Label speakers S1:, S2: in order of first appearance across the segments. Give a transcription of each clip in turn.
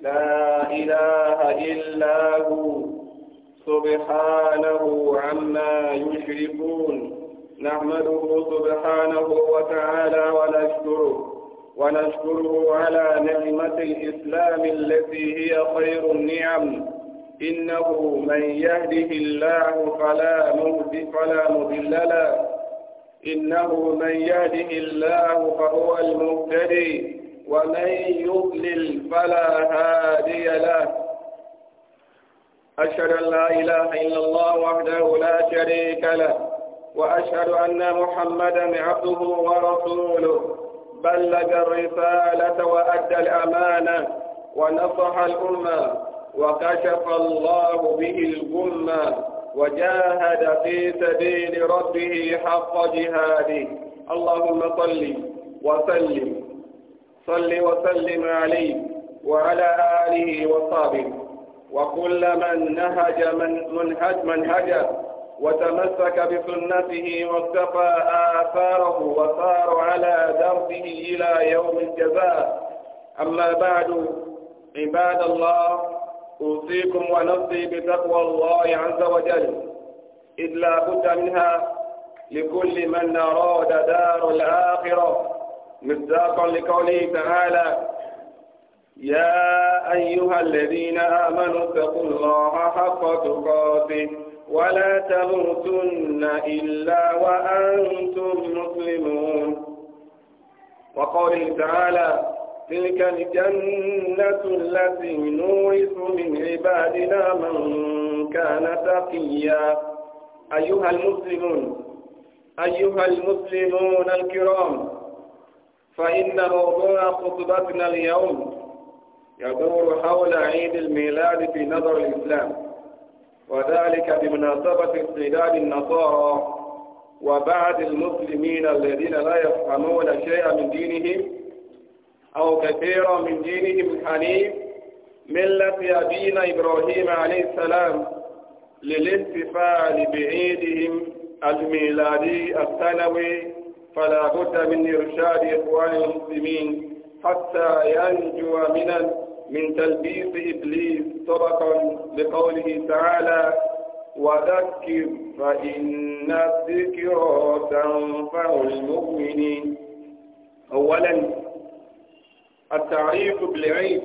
S1: لا إله إلا هو سبحانه عما يشركون نحمده سبحانه وتعالى ونشكره ونشكره على نعمة الإسلام التي هي خير النعم إنه من يهده الله فلا مهدي فلا مضل له إنه من يهده الله فهو المهتدي ومن يضلل فلا هادي له أشهد أن لا إله إلا الله وحده لا شريك له وأشهد أن محمدا عبده ورسوله بلغ الرسالة وأدى الأمانة ونصح الأمة وكشف الله به الغمة وجاهد في سبيل ربه حق جهاده اللهم صل وسلم صل وسلم عليه وعلى آله وصحبه وكل من نهج من منهج منهجه وتمسك بسنته واقتفى آثاره وصار على دربه إلى يوم الجزاء أما بعد عباد الله أوصيكم ونفسي بتقوى الله عز وجل إذ لا بد منها لكل من أراد دار الآخرة مصداقا لقوله تعالى يا أيها الذين آمنوا اتقوا الله حق تقاته ولا تموتن إلا وأنتم مسلمون وقوله تعالى تلك الجنة التي نورث من عبادنا من كان تقيا أيها المسلمون أيها المسلمون الكرام فإن موضوع خطبتنا اليوم يدور حول عيد الميلاد في نظر الإسلام وذلك بمناسبة اقتداد النصارى وبعض المسلمين الذين لا يفهمون شيئا من دينهم أو كثيرا من دينهم الحنيف ملة أبينا إبراهيم عليه السلام للاحتفال بعيدهم الميلادي السنوي فلا بد من إرشاد إخوان المسلمين حتى ينجو من من تلبيس إبليس طرقا لقوله تعالى وذكر فإن الذكر تنفع المؤمنين أولا التعريف بالعيد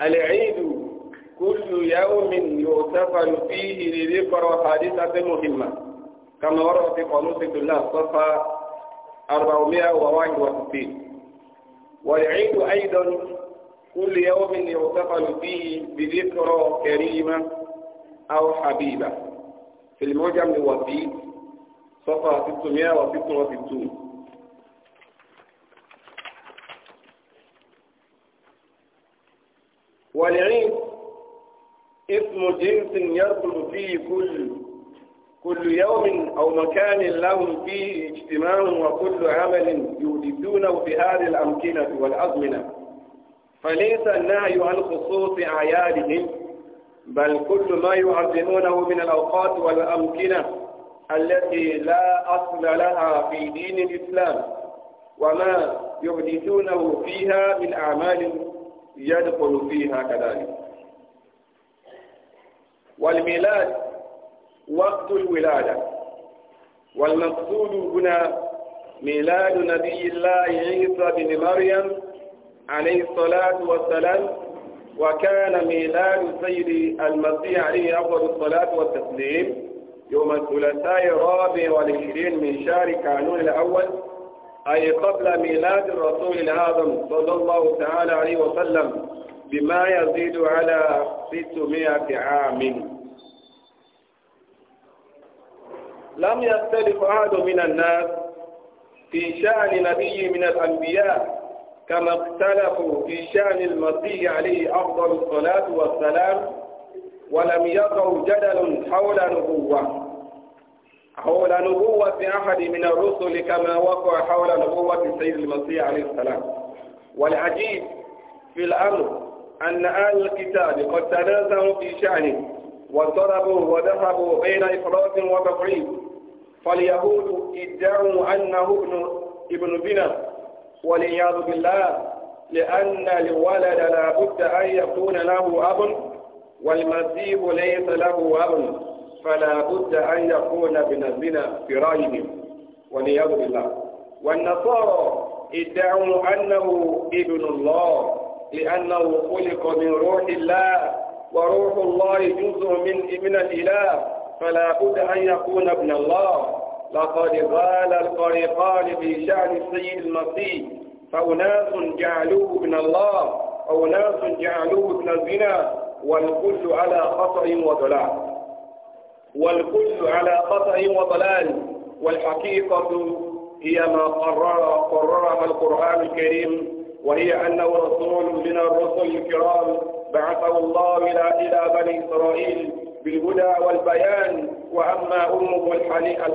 S1: العيد كل يوم يغتفل فيه لذكر حادثة مهمة كما ورد في قانون سيد الله صفحة 461 والعيد أيضا كل يوم يحتفل فيه بذكرى كريمة أو حبيبة في المعجم الوفي صفحة 666 والعيد اسم جنس يدخل فيه كل كل يوم أو مكان لهم فيه اجتماع وكل عمل يوجدونه في هذه الأمكنة والأزمنة فليس النهي عن خصوص أعيادهم بل كل ما يعظمونه من الأوقات والأمكنة التي لا أصل لها في دين الإسلام وما يحدثونه فيها من أعمال يدخل فيها كذلك والميلاد وقت الولادة والمقصود هنا ميلاد نبي الله عيسى بن مريم عليه الصلاة والسلام وكان ميلاد سيد المسيح عليه أفضل الصلاة والتسليم يوم الثلاثاء الرابع والعشرين من شهر كانون الأول أي قبل ميلاد الرسول الأعظم صلى الله تعالى عليه وسلم بما يزيد على 600 عام لم يختلف أحد من الناس في شأن نبي من الأنبياء كما اختلفوا في شأن المسيح عليه أفضل الصلاة والسلام ولم يقع جدل حول نبوة حول نبوة أحد من الرسل كما وقع حول نبوة سيد المسيح عليه السلام والعجيب في الأمر أن أهل الكتاب قد تنازعوا في شأنه وضربوا وذهبوا بين إفراط وتفريط فاليهود ادعوا أنه ابن ابن بنا والعياذ بالله لأن الولد لا بد أن يكون له أب والمسيح ليس له أب فلا بد أن يكون ابن بنا في رأيهم والعياذ بالله والنصارى ادعوا أنه ابن الله لأنه خلق من روح الله وروح الله جزء من من الإله فلا بد أن يكون ابن الله لقد ضال الطريقان في شأن السيد المسيح فأناس جعلوه ابن الله وأناس جعلوه ابن الزنا والكل على خطأ وضلال والكل على خطأ وضلال والحقيقة هي ما قرر قررها القرآن الكريم وهي أنه رسول من الرسل الكرام بعثه الله إلى إلى بني إسرائيل بالهدى والبيان وأما أمه الحقيقة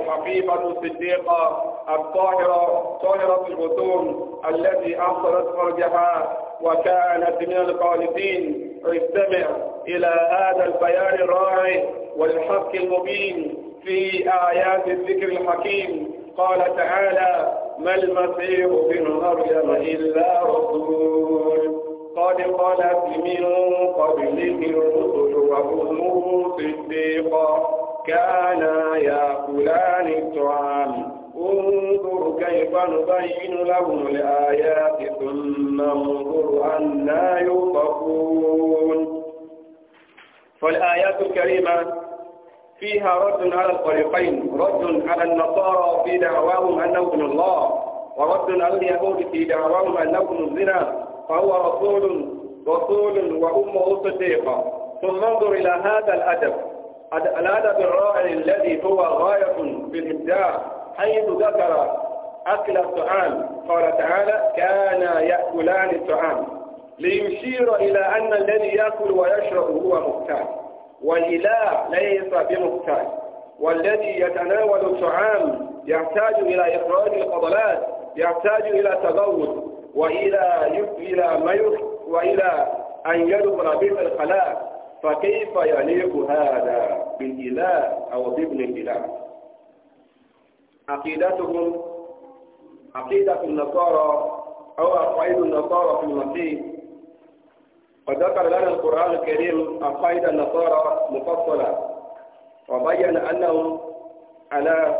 S1: الصديقة الطاهرة طاهرة البطون التي أحصلت فرجها وكانت من القالدين استمع إلى هذا البيان الرائع والحق المبين في آيات الذكر الحكيم قال تعالى ما المسيح في مريم إلا رسول قد خلت من قبله الرسل وأمه صديقا كانا يأكلان الطعام انظر كيف نبين لهم الآيات ثم انظر أنا يوقفون فالآيات الكريمة فيها رد على الفريقين رد على النصارى في دعواهم أنهم من الله ورد على اليهود في دعواهم أنهم من الزنا فهو رسول رسول وأمه صديقة ثم انظر إلى هذا الأدب الأدب الرائع الذي هو غاية في الإبداع حيث ذكر أكل الطعام قال تعالى كان يأكلان الطعام ليشير إلى أن الذي يأكل ويشرب هو مختال والإله ليس بمختال والذي يتناول الطعام يحتاج إلى إخراج الفضلات يحتاج إلى تبود وإلى يكمل ما وإلى أن يدخل بيت الخلاء فكيف يليق هذا بالإله أو بابن الإله عقيدتهم عقيدة النصارى أو عقائد النصارى في المسيح وذكر لنا القرآن الكريم عقائد النصارى مفصلة وبين أنهم على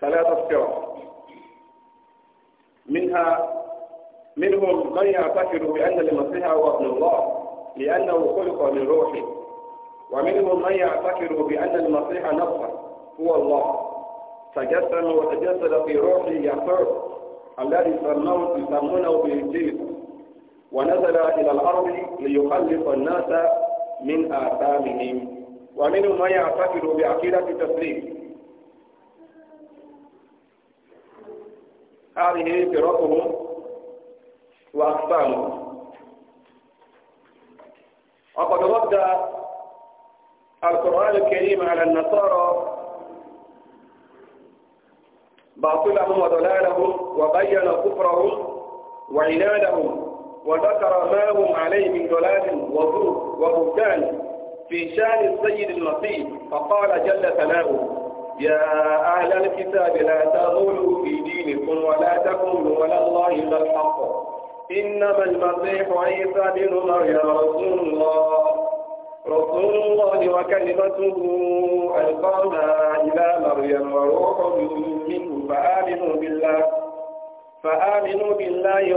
S1: ثلاثة صراط منها منهم من يعتقد بأن المسيح هو ابن الله لأنه خلق من روحه ومنهم من يعتقد بأن المسيح نفسه هو الله تجسم وتجسد في روحه يسوع الذي يسمونه بالإنجيل ونزل إلى الأرض ليخلص الناس من آثامهم ومنهم من يعتقد بعقيدة التسليم هذه فرقهم وأقسامهم وقد رد القرآن الكريم على النصارى باطلهم وضلالهم وبين كفرهم وعنادهم وذكر ما هم عليه من ضلال وظلم وبهتان في شان السيد المسيح فقال جل ثناؤه يا أهل الكتاب لا تغلوا في دينكم ولا تقولوا ولا الله إلا الحق إنما المسيح عيسى بن مريم رسول الله رسول الله وكلمته ألقاها إلى مريم وروح منه فآمنوا بالله فآمنوا بالله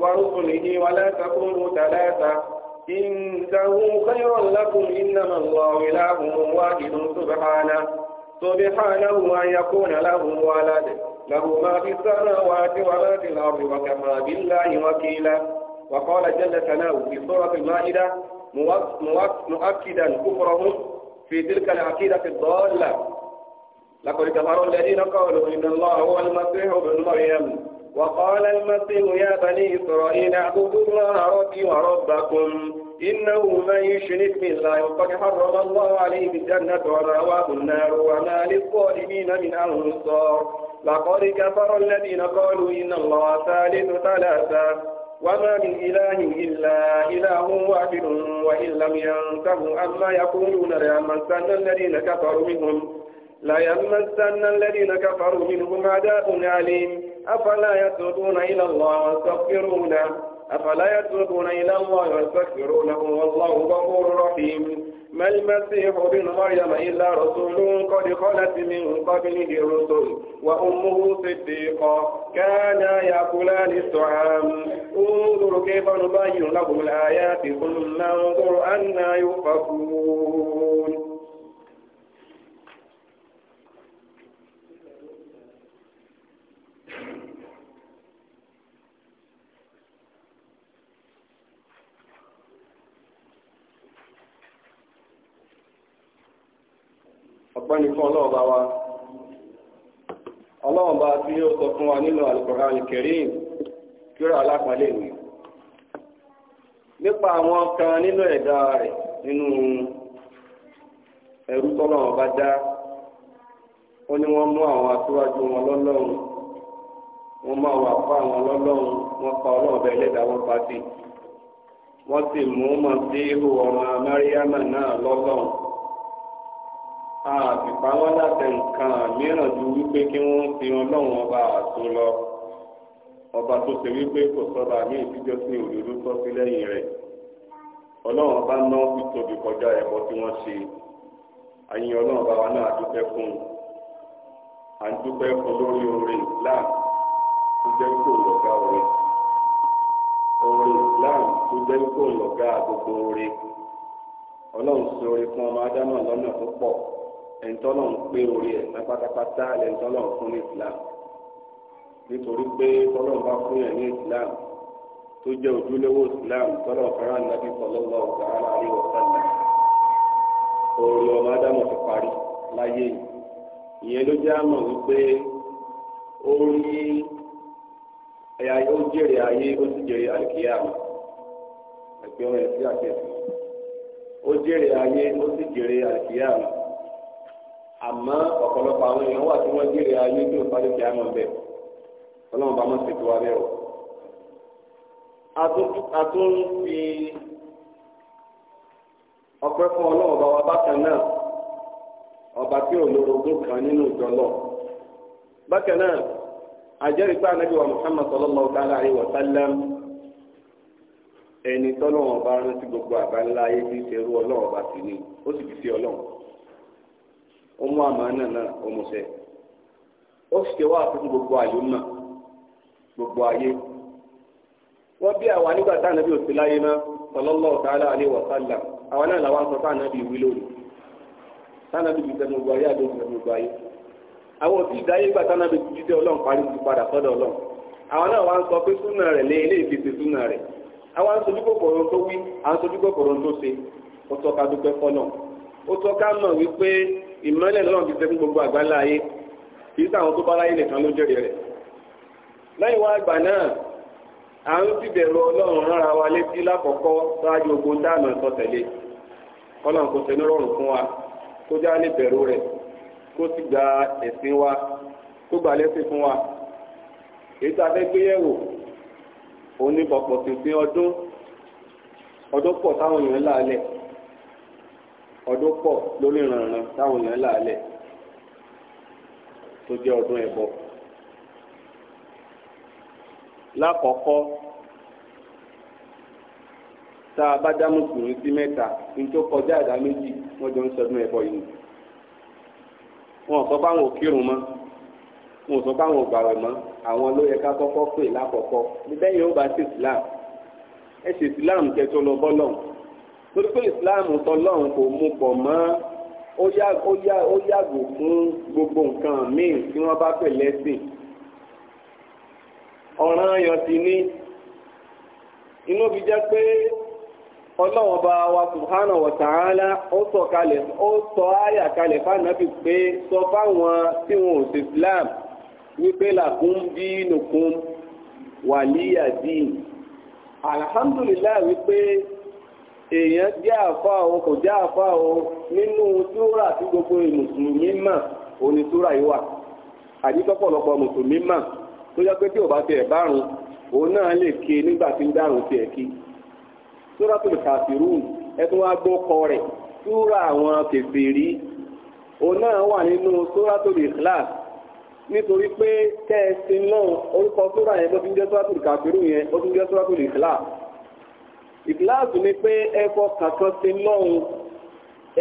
S1: ورسله ولا تكونوا ثلاثة إنه خير لكم إنما الله إله واحد سبحانه سبحانه أن يكون له ولد له ما في السماوات وما في الأرض وكفى بالله وكيلا وقال جل ثناؤه في سورة المائدة مؤكدا كفرهم في تلك العقيدة الضالة لقد كفروا الذين قالوا إن الله هو المسيح ابن مريم وقال المسيح يا بني إسرائيل اعبدوا الله ربي وربكم إنه من يشرك بالله وقد حرم الله عليه الجنة ومأواه النار وما للظالمين من أنصار لقد كفر الذين قالوا إن الله ثالث ثلاثة وما من إله إلا إله واحد وإن لم ينتهوا أما يقولون ليمسن الذين كفروا منهم ليمسن الذين كفروا منهم عذاب أليم أفلا يتوبون إلى الله ويستغفرونه أفلا يتوبون إلى الله ويستكبرونه والله غفور رحيم ما المسيح بن مريم إلا رسول قد خلت من قبله الرسل وأمه صديقة كانا يأكلان الطعام انظر كيف نبين لهم الآيات ثم انظر أنا يؤفكون ní fún wa ọlọ́run tí ó sọ fún wa nínú Al-Qur'an nípa àwọn kan nínú ẹ̀dá rẹ̀ nínú ẹ̀rú tọ́lọ́run ó ní wọ́n mú àwọn aṣíwájú wọn lọ́lọ́run wọ́n mú àwọn àpá wọn lọ́lọ́run wọ́n pa ọlọ́run wọn pa sí wọ́n sì mú mọ̀ sí ihò ọmọ náà lọ́lọ́run. a sì pa wọ́n láti nǹkan mìíràn ju wípé kí wọ́n fi ọlọ́run ọba àtò lọ ọba tó ṣe wípé kò sọ́ba ní ìdíjọ́ sí òdodo tọ́ sí lẹ́yìn rẹ̀ ọlọ́run ọba náà fi tóbi kọjá ẹ̀kọ́ tí wọ́n ṣe àyìn ọlọ́run ọba wa náà dúpẹ́ fún un à ń dúpẹ́ fún lórí orin Islam tó jẹ́ kó lọ́gá orin orin Islam tó jẹ́ kó lọ́gá gbogbo orin ọlọ́run sọ orin fún ọmọ ádámà lọ́nà tó pọ̀. ẹ̀ńtọ́lọ̀ ń pé orí ẹ̀ pátápátá fún Islam nítorí pé tọ́lọ̀ bá fún yẹn Islam tó jẹ́ ojúlówó Islam tọ́lọ̀ fẹ́ràn Ànábì sallallahu ta'ala alaihi wa orí ọmọ Adamu ti parí láyé yìí ìyẹn ló jẹ́ àmọ̀ wípé ó rí ẹ̀yà ó jèrè ayé àmọ́ ọ̀pọ̀lọpọ̀ àwọn èèyàn wà tí wọ́n jèrè ayé tí ò sáré kí á mọ̀ bẹ́ẹ̀ ọlọ́run bá mọ̀ ṣètò wa bẹ́ẹ̀ o. a ọba tí kan nínú lọ. bákan náà àjẹ́rìí wa Muhammad ọba rántí gbogbo àgbáńlá ayé ọlọ́run ó mú na náà ó mú fún gbogbo àyè náà gbogbo ayé Wọn bí àwa nígbà tá ànábì òsì láyé náà sallallahu ta'ala alaihi wa na àwa náà làwọn sọ tá ànábì ìwé lónìí tá ànábì ti gbogbo ayé àdó ti sẹ́nu gbogbo ayé àwọn òsì ìdáyé gbà tá ti jíjẹ́ ọlọ́run parí ti padà sọ́dọ̀ ọlọ́run àwọn náà ń sọ pé súnà lé ilé ìfèsè ìmọ́lẹ̀ lọ́nà ti sẹ́kún gbogbo àgbáńlá ayé kì í sàwọn tó bá láyé nìkan ló jẹ́rìí rẹ̀ lẹ́yìn wá àgbà náà à ń sì bẹ̀rù ọlọ́run rárá wa létí lákọ̀ọ́kọ́ ṣáájú ogun dáàmú ẹ̀sọ́ tẹ̀lé ọlọ́run kò sẹ́ni rọrùn fún wa kó já lè bẹ̀rù rẹ̀ kó sì gba ẹ̀sìn wa kó gbà lẹ́sìn fún wa èyí tá a fẹ́ gbé yẹ̀wò òun ní pọ̀pọ̀ sí ọdún ọdún pọ̀ táwọn èèyàn láàlẹ̀ ọdún pọ̀ lórí ìrànràn táwọn èèyàn làálẹ̀ tó jẹ́ ọdún ẹ̀bọ. lákọ̀ọ́kọ́ tá a bá dá mùsùlùmí sí mẹ́ta ní tó kọjá àdá méjì wọ́n jọ ń sọdún ẹ̀bọ yìí wọn sọ fáwọn òkírun mọ́ wọn sọ fáwọn ògbàwẹ̀ mọ́ àwọn ló yẹ ká kọ́kọ́ pè lákọ̀ọ́kọ́ bí bẹ́ẹ̀ yóò bá ṣe Islam ẹ ṣe Islam kẹ́ lọ bọ́lọ́hùn torí pé ìsìláàmù tọlọ́run kò mú pọ̀ mọ́ ó yàgò fún gbogbo nǹkan míì tí wọ́n bá pè lẹ́sìn ọ̀ràn ayọ̀ sí ní inú fi jẹ́ pé ọlọ́wọ́n bá wa subhana wa ta'ala ó sọ kalẹ̀ ó sọ àyà kalẹ̀ fáànàbì pé sọ fáwọn tí wọn ò sí islam wípé làkún bí nùkún wàlíyà dín alhamdulillah wípé. èèyàn jẹ́ àfa o kò jẹ́ àfa o nínú súrà tí gbogbo mùsùlùmí mà ò ní yìí wà àbí mùsùlùmí mà tó yẹ pé tí ò bá tiẹ̀ bárun òun náà lè ké nígbà tí ń dárun tiẹ̀ kí tó lè ẹ wá kọ rẹ̀ àwọn òun náà wà nínú tó lè nítorí pé náà ìgíláàsì ni pé ẹ̀kọ́ kankan ti lọ́hùn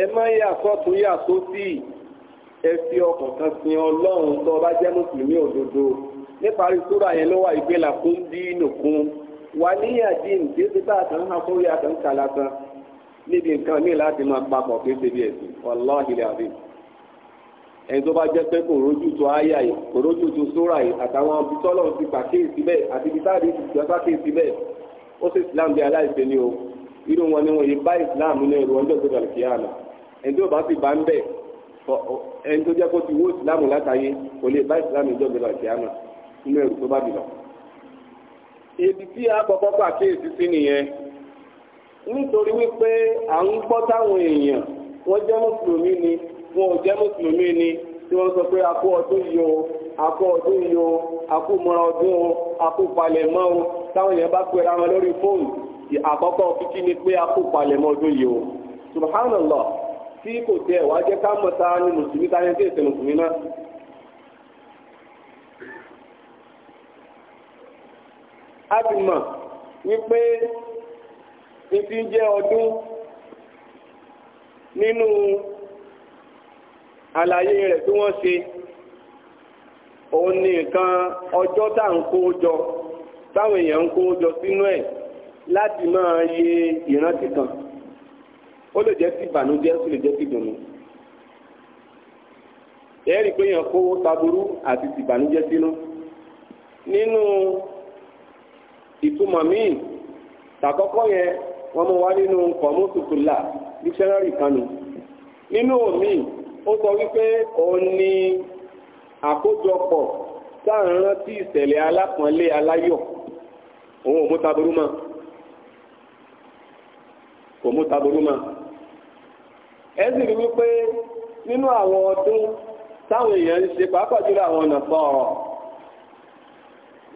S1: ẹ má yà sọ́tún yà sósì ẹ fi ọkàn kan sin ọlọ́run tó o bá jẹ́ mùsùlùmí òdodo níparí sóra yẹn ló wà ìgbélà fún dínùkún wà níyàdí ìdíje tá a kàn ń hàn sórí àtàǹkà lásán níbi nǹkan ní láti máa papọ̀ pé ṣebí ẹ̀sìn wàláhì làbí. ẹni tó bá jẹ́ pé kò rójútu àyà yìí kò rójútu sóra yìí àtàwọn ibi tọ́lọ̀ ti pàkíyèsí bẹ́ẹ̀ àti ibi táàdì ti jọ sákèsí bẹ́ẹ̀ ó sì islam bí aláìsẹ ni o irú wọn ni wọn yìí bá islam ní ẹrù ọjọ́ gbọdọ̀ kíyàmù ẹni tó bá sì bá ń bẹ ẹni tó kó ti wó islam látàyè kò lè bá islam ní ọjọ́ gbọdọ̀ kíyàmù nínú ẹrù tó bá bìlọ. ibi tí a kọ́kọ́ pàkíyèsí sí nìyẹn nítorí wípé à ń gbọ́ táwọn èèyàn wọ́n jẹ́ mùsùlùmí ni wọn ò jẹ́ mùsùlùmí ni tí wọ́n sọ pé akó ọdún yìí o akó ọdún yìí o akó mọ́ra ọdún o akó palẹ̀mọ́ o táwọn èèyàn bá pera wọn lórí fóònù àkọ́kọ́ kíkí ni pé a kó palẹ̀ mọ́ ọdún yìí o subhanallah tí kò tẹ ẹ̀ wá ká mọ̀ sáá ní mùsùlùmí táyé tí èsè mùsùlùmí náà. a ti mọ̀ wípé ibi jẹ́ ọdún nínú àlàyé rẹ̀ tí wọ́n ṣe òun ni nǹkan ọjọ́ tá à ń kó jọ táwọn èèyàn ń kó jọ sínú ẹ̀ láti máa yẹ ìrántí kan ó lè jẹ́ sí ìbànújẹ́ ó sì lè jẹ́ sí ìdùnnú ẹ̀rí pé èèyàn kó taburú àti ìbànújẹ́ sínú nínú ìtumọ̀ míì tàkọ́kọ́ yẹn wọ́n mú wá nínú kọ̀mọ́sùtùlà dictionary kanu nínú omi ó sọ wípé òun ni àkójọpọ̀ sáà rántí ìṣẹ̀lẹ̀ alápọ̀nlé aláyọ̀ òun mụta mú taburú mọ́ kò rí wípé nínú àwọn ọdún táwọn èèyàn ń ṣe pàápàá àwọn ọ̀nà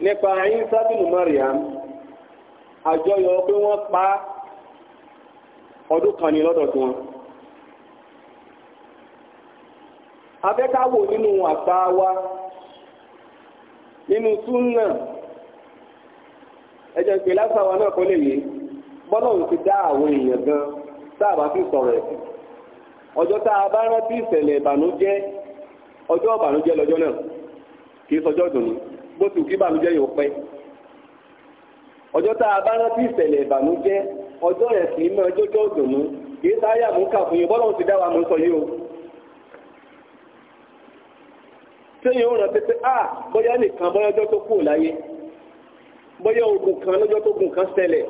S1: nípa ayín sábìnù àjọyọ̀ pé wọ́n pa ọdún kan ní lọ́dọ̀ tí wọn. abẹ́káwò nínú ẹjọ́ pé lasawa náà kọ́ lè ti dá àwọn èèyàn gan tá bá fi sọ̀rọ̀ ẹ̀sìn ọjọ́ tá a bá rántí ìṣẹ̀lẹ̀ ìbànújẹ́ ọjọ́ ìbànújẹ́ lọ́jọ́ náà kì í sọjọ́ dùn ní bó ti kí ìbànújẹ́ yóò pẹ́ ọjọ́ tá a bá rántí ìṣẹ̀lẹ̀ ìbànújẹ́ ọjọ́ kì í sáyà mú ti dá wa mú sọ o ó rántí pé a ah, bóyá nìkan bóyá ọjọ́ tó kù bóyá ogun kan lọ́jọ́ tó gun kan sẹlẹ̀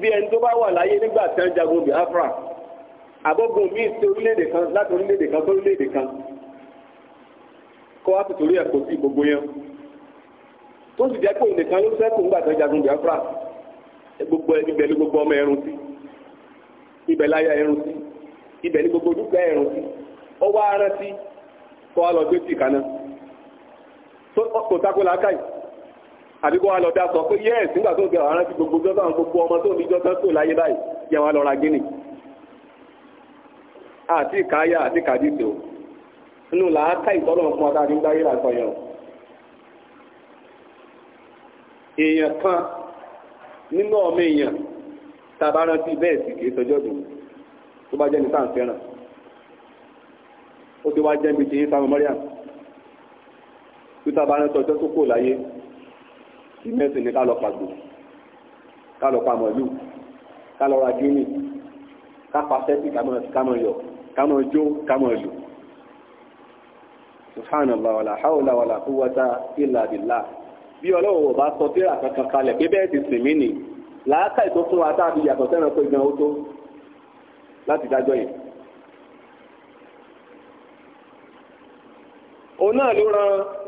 S1: bí ẹni tó bá wà láyé nígbà tí wọ́n jagun Biafra àbọ̀gùn míì sí orílẹ̀-èdè kan láti orílẹ̀-èdè kan sí orílẹ̀-èdè kan kọ́ wá sí gbogbo yẹn tó sì jẹ́ pé nìkan ló nígbà tí gbogbo ibẹ̀ ni gbogbo ọmọ ẹrun sí ibẹ̀ láyà ẹrun sí ibẹ̀ ni gbogbo ẹrun sí ọwọ́ kọ́ wá lọ kò tako làákàyè àbí kó wa lọ dá sọ pé yẹ́ẹ̀sì tó bí gbogbo jọ́sán gbogbo ọmọ tó ní jọ́sán tó láyé báyìí yẹ wọn lọ ra àti ìkáyà àti ìkàdíso nínú làákàyè tọ́lọ̀ fún kan nínú ọmọ èèyàn bẹ́ẹ̀ sì kìí sọjọ́ dùn tó bá jẹ́ ní sáà fẹ́ràn ó títà bá rántí ọjọ́ tó kò láyé ìmẹ́sìn ni ká lọ pàgbò ká lọ pa mọ̀lú ká lọ ra gíní ká pa sẹ́tì ká mọ̀ yọ ká mọ̀ jó ká mọ̀ lù subhanallah wàlà hàwùlà wàlà kúwàtà ìlà bìlà bí ọlọ́wọ̀ bá sọ tíra kankan kalẹ̀ pé bẹ́ẹ̀ ti sìn mí nìí làákàì tó fún wa tá a fi yàtọ̀ sẹ́ran pé gan o tó láti dájọ́ yìí. òun náà ló ran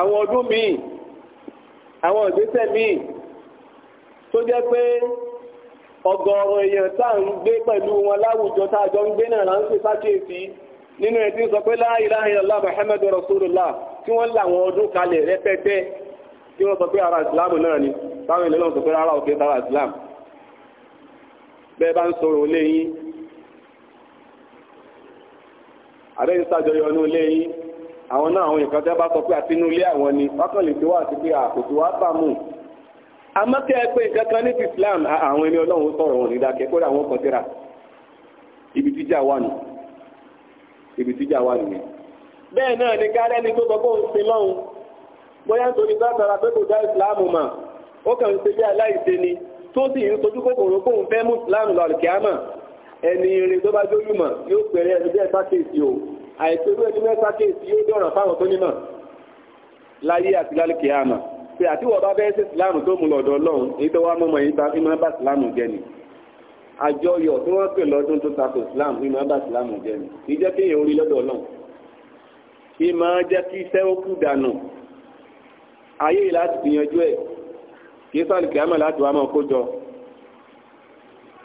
S1: àwọn ọdún míì àwọn ìgbésẹ̀ míì tó jẹ́ pé ọ̀gọ̀ọ̀rọ̀ èèyàn tá ń gbé pẹ̀lú wọn láwùjọ tá ń gbé náà là ń pè sákèsí nínú ẹ̀ tí ń sọ pé la ilaha illallah muhammadu rasulullah tí wọ́n làwọn ọdún kalẹ̀ rẹpẹtẹ tí wọ́n sọ pé ara islam náà ni táwọn ilé sọ pé àwọn náà àwọn nǹkan tẹ́ bá sọ pé àti inú ilé àwọn ni wákàn lè ti wá àti pé àkòtò wá bàmù amákẹ́ pé nǹkan kan ní ti Islam àwọn ẹni ọlọ́run sọ̀rọ̀ wọn nídàkẹ́ kó ra àwọn kan síra ibi tíjà wà nù ibi tíjà wà nìyẹn bẹ́ẹ̀ náà ni gárẹ́ ni tó sọ pé òun sin lọ́hùn bóyá nítorí bá sara pé kò dá Islam mà ó kàn ń ṣe bí aláìṣe ni tó sì ń sojú kòkòrò kóun fẹ́ mú Islam lọ àlùkìyàmà ẹni irin tó bá jóyùmọ̀ yóò pẹ̀rẹ́ ẹni bẹ́ẹ̀ sákèsì àìpẹ́rú ẹni mẹ́ta kéèsì yóò dọ̀ràn fáwọn tó nímọ̀ láyé àti lálùkẹ́ àmà pé àtiwọ̀ bá bẹ́ẹ̀ sí ìsìláàmù tó mú lọ́dọ̀ ọlọ́run èyí tó wá mọ́mọ́ yìí ta ìmọ̀ bá ìsìláàmù jẹ́ ni àjọyọ̀ tí wọ́n pè lọ́dún tó takò ìsìláàmù ìmọ̀ bá ìsìláàmù jẹ́ ni kì í jẹ́ kí èèyàn orí lọ́dọ̀ ọlọ́run kì í máa jẹ́ kí iṣẹ́ ó kú dànù ayé láti gbìyànjú ẹ̀ kì í sàlùkẹ́ àmà láti wá máa kó jọ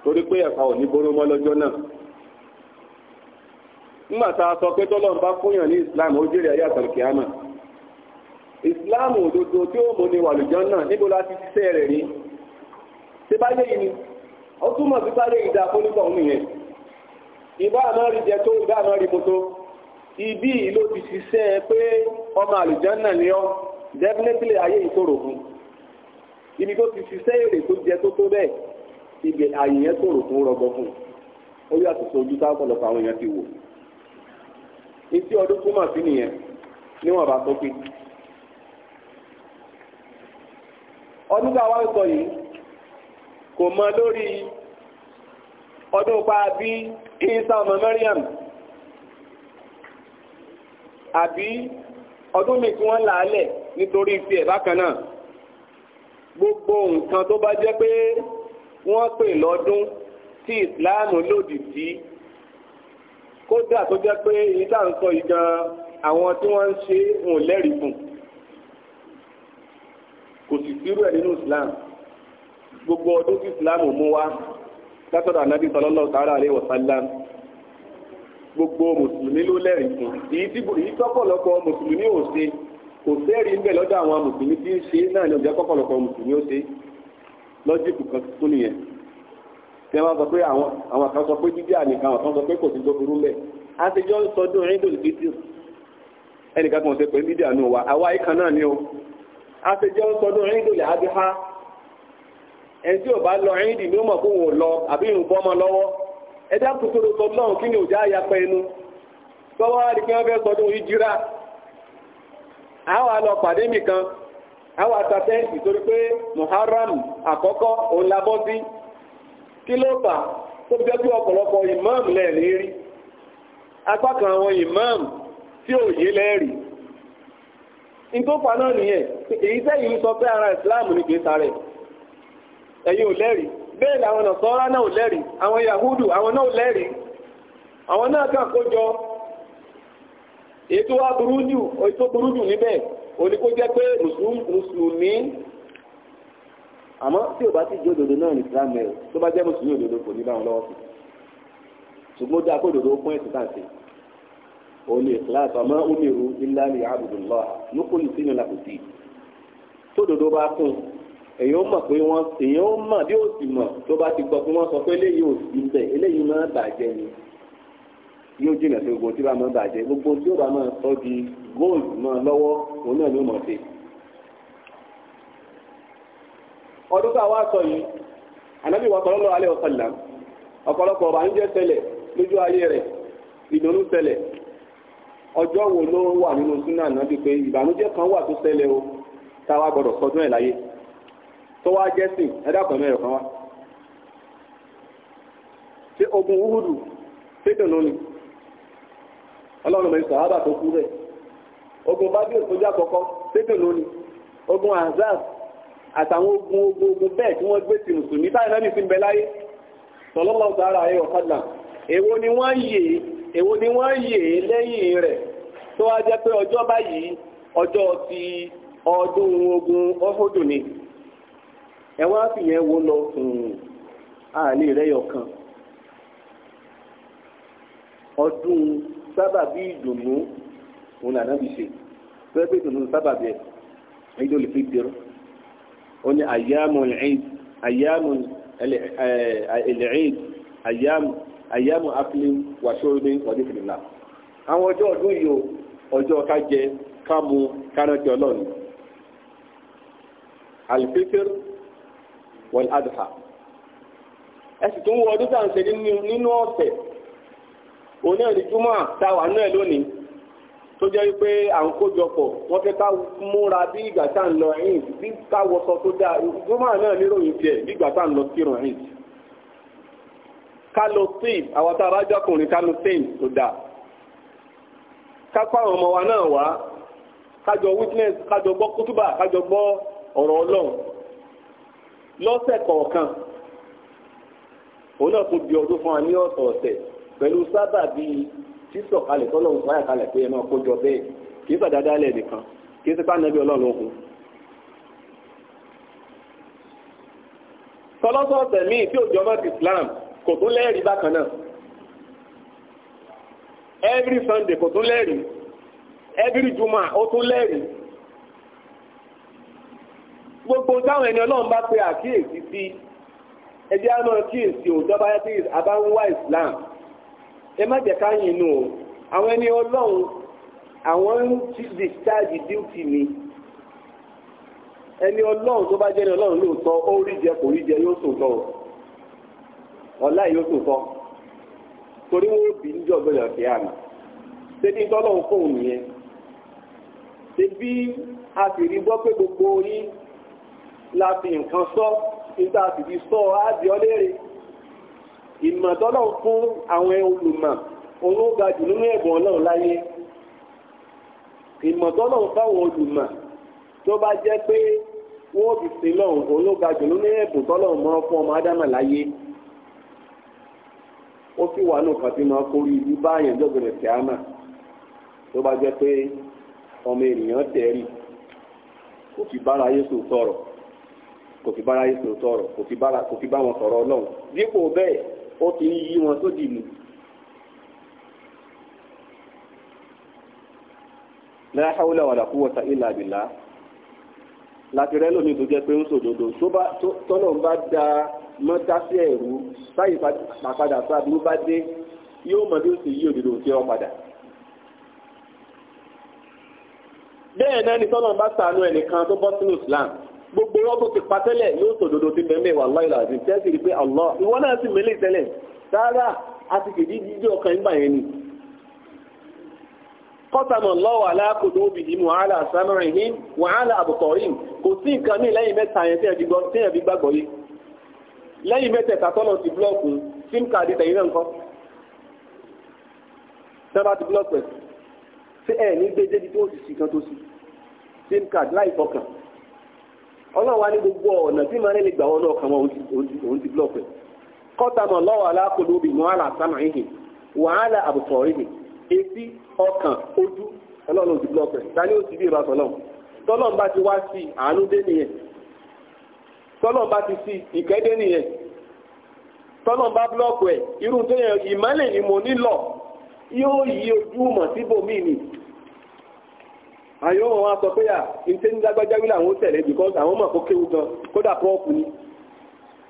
S1: torí pé ẹ̀fà ò ní boró mọ́ lọ́jọ́ náà nígbà tá a sọ pé tọ́lọ́run bá fúnyàn ní islam ó jèrè ayé àtàlùkìámà islam òdodo tí ó mú ni wàlùjọ́n náà níbo la ti ṣiṣẹ́ rẹ̀ rí ṣe bá yé ni ó túmọ̀ sí sáré ìdá fólúkọ̀ òun yẹn ìbá àmọ́ rí jẹ tó ìbá àmọ́ rí mu tó ibí ló ti ṣiṣẹ́ pé ọmọ àlùjọ́n náà ni ọ́ definitely ayé ìṣòro fún ibi tó ti ṣiṣẹ́ èrè tó jẹ tó tó bẹ́ẹ̀ ibẹ̀ àyè yẹn ṣòro fún rọgbọ fún ó yàtọ̀ sí ojú táwọn ọ̀pọ̀lọpọ̀ àwọn èèyàn ti wò etí ọdún túmọ̀ sí nìyẹn níwọ̀n bá sókè. ọdún tá a wá ń sọ yìí kò mọ lórí ọdún pa bí isa ọmọ Mariam àbí ọdún mi tí wọ́n là á lẹ̀ nítorí bákan náà gbogbo nǹkan tó bá jẹ́ pé wọ́n pè lọ́dún tí ìsìláàmù lòdì sí kódà tó jẹ́ pé èyí tá à ń sọ yìí gan àwọn tí wọ́n ń ṣe òun lẹ́rìí fún kò sì sírú ẹ̀ nínú Islam gbogbo ọdún tí Islam mú wá látọ̀dọ̀ ànábì sallallahu ta'ala alaihi wa sallam gbogbo mùsùlùmí ló lẹ́rìí fún èyí tí èyí tọ́pọ̀lọpọ̀ mùsùlùmí ò ṣe kò sẹ́rìí ńbẹ̀ lọ́dọ̀ àwọn mùsùlùmí tí ń ṣe náà ni ọ̀jẹ́ kọ́pọ̀lọpọ̀ mùsùlùmí ó ṣe lọ́jìkù kan tó nìyẹn tí wọ́n sọ pé àwọn kan sọ pé dídí àníkan àwọn kan sọ pé kò sí tó burú mẹ́ àtijọ́ ń sọdún ríndòlù dídì ẹnìkan kan ṣe pé dídí àánú wa àwa ìkan náà ni o àtijọ́ ń sọdún ríndòlù àdìhá ẹni tí ò bá lọ ríndì ni ó mọ̀ fóun ò lọ àbí ìrùn bọ́mọ lọ́wọ́ ẹ dákun tó sọ lọ́hùn kí ni òjá ayapẹ inú tọ́wọ́ á di pé wọ́n fẹ́ sọdún ìjírá àwọn àlọ́ nìkan àwọn àtàtẹ́ǹtì torí pé Muharram àkọ́kọ́ òun labọ́ sí kí ló fà tó fi jẹ́ pé ọ̀pọ̀lọpọ̀ imam lẹ́ẹ̀lì rí apá kan àwọn imam tí ò yé tó ìtòfà náà nìyẹn èyí sẹ́yìn sọ pé ara islam ní kìí sáré ẹ̀yin ò lẹ́rìí bẹ́ẹ̀ làwọn nàṣọ́rá náà ò yahudu àwọn náà ò àwọn náà kàn kó jọ èyí tó wá burú jù níbẹ̀ òní kó jẹ́ pé mùsùlùmí àmọ́ tí ò bá ti jẹ́ òdodo náà ní Islam ẹ̀ tó bá jẹ́ mùsùlùmí òdodo kò ní bá wọn lọ́wọ́ sí ṣùgbọ́n ó dáa kó òdodo ó pọ́n ẹ̀sìn tàǹtì òní ìkíláàsì ọmọ omiru illa li abudullah nukuli sínú làkùtì tó òdodo bá kún èyàn ó mọ̀ pé wọ́n èyàn ó mọ̀ bí ó sì mọ̀ tó bá ti gbọ́ pé wọ́n sọ pé eléyìí ò sí bẹ́ẹ̀ eléyìí máa bàjẹ́ ni yóò jìnà sí gbogbo tí ó bá máa bàjẹ́ gbogbo tí ó bá máa sọ di góòlù náà lọ́wọ́ òun náà ni ó mọ̀ sí i. ọdún tá sọ yìí ànábì wa sallallahu ọ̀pọ̀lọpọ̀ ọba ń jẹ́ lójú ayé rẹ̀ ìdùnnú ṣẹlẹ̀ ọjọ́ wo ló wà nínú súnà ànábì pé ìbànújẹ́ kan wà tó o tá a gbọdọ̀ sọdún ẹ̀ láyé tó wá ẹ̀dàpọ̀ mẹ́rin kan wá ṣé ogun wúhùdù ni ọlọ́run ogun tó jà àtàwọn ogun ogun ogun bẹ́ẹ̀ tí wọ́n gbé ti mùsùlùmí táyà náà nìsín bẹ láyé tọ́lọ́lọ́ sára ayé èwo ni wọ́n yè ni wọ́n yè lẹ́yìn rẹ̀ tó wá jẹ́ pé ọjọ́ báyìí ọjọ́ ti ọdún ogun ọ̀hódù ni ẹ wá fìyẹn wo lọ fún àlè rẹ̀ yọkan ọdún sábàbí ìdùnnú òun làná fi ṣe ìdùnnú sábàbí ẹ̀ ẹ̀yìn lè fi dẹrọ ó ní àyàmù ẹ̀ẹ́d àyàmù ẹ̀ẹ́d àyàmù àyàmù aflin wàṣọ́rọ́dé wàdífìlélà àwọn ọjọ́ ọdún yìí ọjọ́ ká jẹ ká mu káràtì ọlọ́run alifitr wal adha ẹ sì tún wọ ọdún tàǹsẹ̀ nínú ọ̀sẹ̀ òun náà ní júmọ́ táwa náà lónìí tó jẹ́ wípé à ń kójọpọ̀ wọ́n fẹ́ ká múra bí ìgbà tá à ń lọ ẹ̀yìn bí ká wọṣọ tó dáa gómà náà níròyìn tiẹ̀ bí ìgbà tá à ń lọ kírun ẹ̀yìn. ká lo steam àwọn tá a ká lo tó dáa. ká àwọn ọmọ wa náà wá kájọ witness kájọ gbọ́ kútúbà kájọ gbọ́ ọ̀rọ̀ ọlọ́run lọ́sẹ̀ kọ̀ọ̀kan òun náà tún di ọdún fún wa ní ọ̀sọ̀ọ̀sẹ̀ pẹ̀lú sábà bíi sísọ kalẹ̀ tọ́lọ̀ ń kalẹ̀ pé ẹ máa bẹ́ẹ̀ kì í nìkan kì í sípà nàbí ọlọ́run okun. tí ti kò tún lẹ́ẹ̀rí bákan náà every Sunday kò tún lẹ́ẹ̀rí every juma ó tún lẹ́ẹ̀rí gbogbo táwọn ẹni ọlọ́run bá pe àkíyèsí sí ẹjẹ́ á kíyèsí òjọba yàtí Islam. ẹ má jẹ́ o àwọn ẹni ọlọ́run àwọn ń discharge duty mi ẹni ọlọ́run tó bá jẹ́ ẹni ọlọ́run lóòótọ́ ó rí jẹ kò rí jẹ yóò sòótọ́ o ọ̀la yóò sòótọ́ torí wọn ò bí kí àná gbogbo yín la fi nǹkan sọ nígbà sì fi sọ á di ọ ìmọ̀tọ́lọ̀ fún àwọn olùmọ̀ ológa ga jù nínú ẹ̀bùn ọlọ́run láyé ìmọ̀tọ́lọ̀ fáwọn olùmọ̀ tó bá jẹ́ pé wọ́n fi sin lọ́run òun ga tọ́lọ̀ fún ọmọ ádámà láyé ó sì wà nù máa báyẹn lọ́gbẹ̀rẹ̀ tó bá jẹ́ pé ọmọ ènìyàn kò fi bára yéṣu sọ̀rọ̀ kò wọn sọ̀rọ̀ ọlọ́run dípò bẹ́ẹ̀ ó ti ń yí wọn tó dì mú. la hawla wala quwwata illa billah láti rẹ́ lómi tó jẹ́ pé ń sòdodo tọ́lọ̀ ń bá da mọ́tá sí ẹ̀rú sáyé pàpadà sá burú bá dé yóò mọ̀ bí ó sì yí òdodo tí ó padà. bẹ́ẹ̀ náà ni tọ́lọ̀ ń bá sànú ẹnìkan tó bọ́ sínú Islam gbogbo wọn ti pa yóò sọ òdodo ti bẹ̀mẹ̀ wà láìlà àti tẹ́sí rí Allah ìwọ náà sì mẹ́lẹ̀ a ti ọkàn ìgbà yẹn ni. lọ́wọ́ obìnrin Samarin ní wàhálà kò sí nǹkan ní lẹ́yìn mẹ́ta yẹn gbàgbọ́ yìí lẹ́yìn ti sim tẹ̀yìn náà sábà ti ẹ̀ ọlọ́run wa ní gbogbo ọ̀nà tí màá lè gbà wọn náà kàn òun ti blọ́ọ̀kì kọ́tàmọ̀ lọ́wọ́ alákòló bì wọ́n àlà ìhìn wàhálà àbùsọ̀ ìhìn etí ọkàn ojú ọlọ́run ti blọ́ọ̀kì dání ó ti bí tọ́lọ́n bá ti wá sí àánú dé nìyẹn tọ́lọ́n bá ti sí ìkẹ́ dé nìyẹn ni mo yóò yí ojú mọ̀ àyọ̀ wọn wá sọ pé à ntẹ́ ní lágbájá wí làwọn tẹ̀lé because àwọn mọ̀ kó kéwu gan kódà prọ́ọ̀pù ni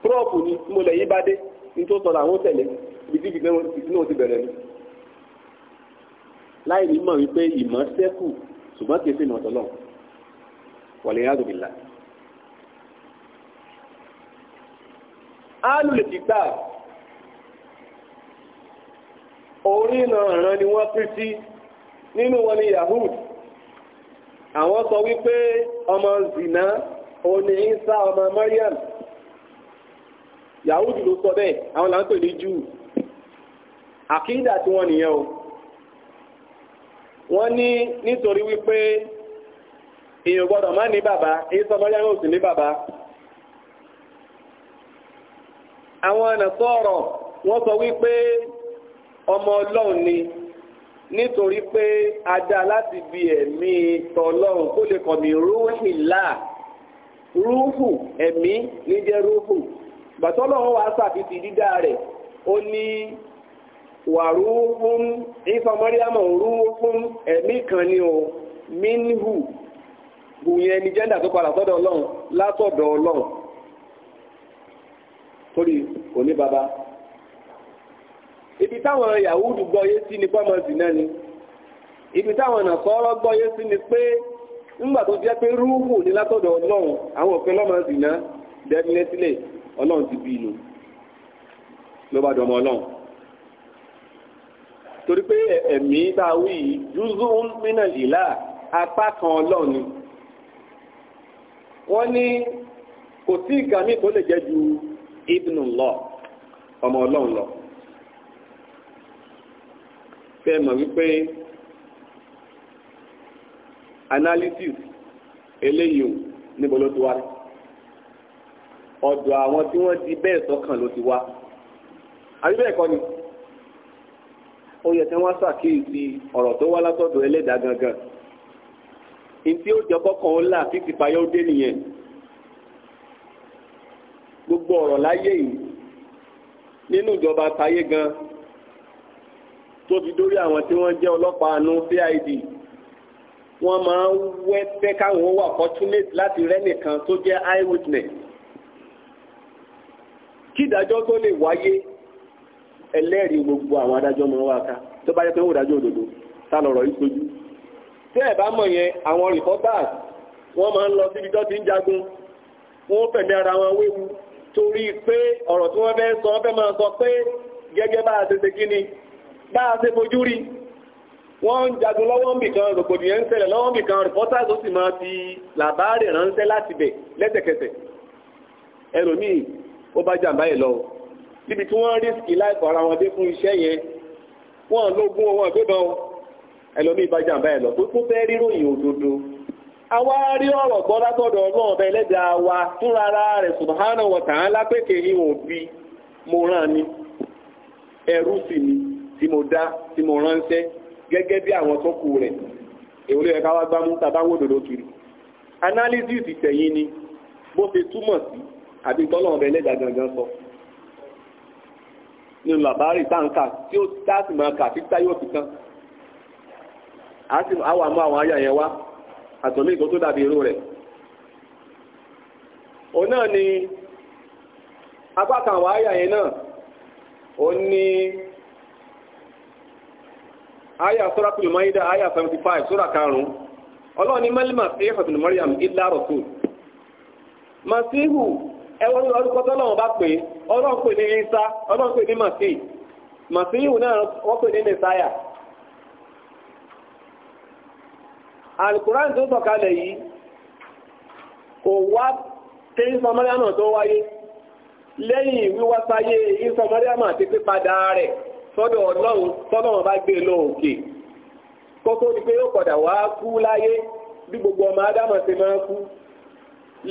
S1: prọ́ọ̀pù ni mo lẹ̀ yí bá dé nítorí sọ làwọn ó tẹ̀lé ibi tí ìpínlẹ̀ ti bẹ̀rẹ̀ ni. láì ní mọ̀ wípé ìmọ̀ sẹ́kù ṣùgbọ́n kì í ṣe ìmọ̀tọ́ náà wọ̀lẹ̀ yàgò bìlà. áàlù lè ti gbà orí náà ràn ni wọ́n pín sí nínú wọn ni Yahudi àwọn sọ wípé ọmọ zina òní isa ọmọ Mariam Yahudi ló sọ bẹ́ẹ̀ àwọn là ń pè ní Júù àkídà tí wọ́n nìyẹn o wọ́n ní nítorí wípé èèyàn gbọ́dọ̀ má ní bàbá isa Mariam ò sì ní bàbá àwọn àna sọ̀rọ̀ wọ́n sọ wípé ọmọ Ọlọ́run ni. nítorí pé a dá láti bi ẹ̀mí tọlọ́run kó lè kọ̀ mí emi rúhù ẹ̀mí ní rúhù gbàtọ́lọ́run wàá sàfitì dídá rẹ̀ ó ní wàrúhùn ìfọmọ́ríàmọ̀ rúhùn ẹ̀mí kan ni o minhu bùyẹn ni jẹ́ndà tó padà sọ́dọ̀ ọlọ́run látọ̀dọ̀ ọlọ́run torí ibi táwọn yahudu gbọ́ yé sí ni pọ́mọ zina ni ibi táwọn nàkọ́rọ́ gbọ́ yé sí ni pé ńgbà tó jẹ́ pé rúhù ní látọ̀dọ̀ ọlọ́run àwọn òfin lọ́mọ zina dẹ́bílẹ́sílẹ̀ ọlọ́run ti bí inú ló bá dọmọ ọlọ́run torí pé ẹ̀mí tá a wí yìí júzú ń mínà lílà apá kan ọlọ́run ni wọ́n ní kò sí ìgbà míì tó lè jẹ́ ju ibnullah ọmọ ọlọ́run lọ tẹ́ mọ̀ wípé analysis eléyìí níbo ló ti wá ọ̀dọ̀ àwọn tí wọ́n di bẹ́ẹ̀ sọ́kàn ló ti wá àbí bẹ́ẹ̀ kọ́ ni ó yẹ kí wọ́n ṣàkíyèsí ọ̀rọ̀ tó wá látọ̀dọ̀ ẹlẹ́dàá gangan ntí ó jọ kọ́kàn ó là fífi payọ́ ó dé nìyẹn gbogbo ọ̀rọ̀ láyé yìí nínú ìjọba táyé gan-an tó fi dórí àwọn tí wọ́n jẹ́ ọlọ́pàá àánú CID wọ́n máa ń wẹ́ fẹ́ káwọn wà fortunate láti rẹ́nìkan tó jẹ́ eye witness kí ìdájọ́ tó lè wáyé ẹlẹ́rìí gbogbo àwọn adájọ́ máa wá ká tó bá yẹ pé ń wò dájọ́ òdodo ta lọ̀rọ̀ yìí sojú tẹ́ ẹ̀ bá mọ̀ yẹn àwọn reporters wọ́n máa ń lọ síbi tó ti ń jagun wọ́n fẹ̀mí ara wọn wéwu torí pé ọ̀rọ̀ tí wọ́n fẹ́ sọ wọ́n fẹ́ máa sọ pé gẹ́gẹ́ bá a tètè kí ni báa ṣe fojú rí wọ́n ń jagun lọ́wọ́ ń bìkan rògbòdìyàn ń ṣẹlẹ̀ lọ́wọ́ ń bìkan reporters ó sì máa fi làbáàrè ránṣẹ́ láti bẹ̀ lẹ́sẹ̀kẹsẹ̀ ẹlòmíì ó bá jàǹbá yìí lọ níbi tí wọ́n rísìkì láìpọ̀ ara wọn dé fún iṣẹ́ yẹn wọ́n lógún wọn gbébọn ẹlòmíì bá jàǹbá yìí lọ tó tún fẹ́ ríròyìn òdodo àwa rí ọ̀rọ̀ gbọ́ látọ̀dọ̀ ọlọ́run wa fúnra rẹ̀ wa ta'ala pé kèéhìn òbí mo tí mo dá tí mo ránṣẹ́ gẹ́gẹ́ bí àwọn tó kù rẹ̀ èwo ló wá gbámú tàbá wò dòdò kiri analysis ìtẹ̀yìn ni bó ṣe túmọ̀ sí àbí tọ́lọ́run bẹ lẹ́dàá gangan sọ nínú làbárì táǹkà tí ó dáàsì máa kà títà yóò fi tán a sì àwọn àmọ́ àwọn ayà yẹn wá àtọ̀mí ìtọ́ tó dàbí irú rẹ̀ òun náà ni apá kan àwọn ayà yẹn náà ó ní aya suratul maida aya seventy sura karùn-ún ọlọ́run ní mẹ́lìmà sí ìfọ̀tún mọ́ríyàm ilá rọ̀tù màsíhù ẹwọ́n orúkọ tọ́lọ́run bá pè ọlọ́run pè ni isa ọlọ́run pè ni màsí màsíhù náà wọ́n pè ní mẹ́sáyà alukuran tó sọ̀kalẹ̀ yìí kò wá tẹ́yìn sọ́dọ̀ ọlọ́run tọ́lọ́ wọn bá gbé e lọ òkè kókó ni pé yóò padà wá kú láyé bí gbogbo ọmọ ádámọ̀ ṣe máa kú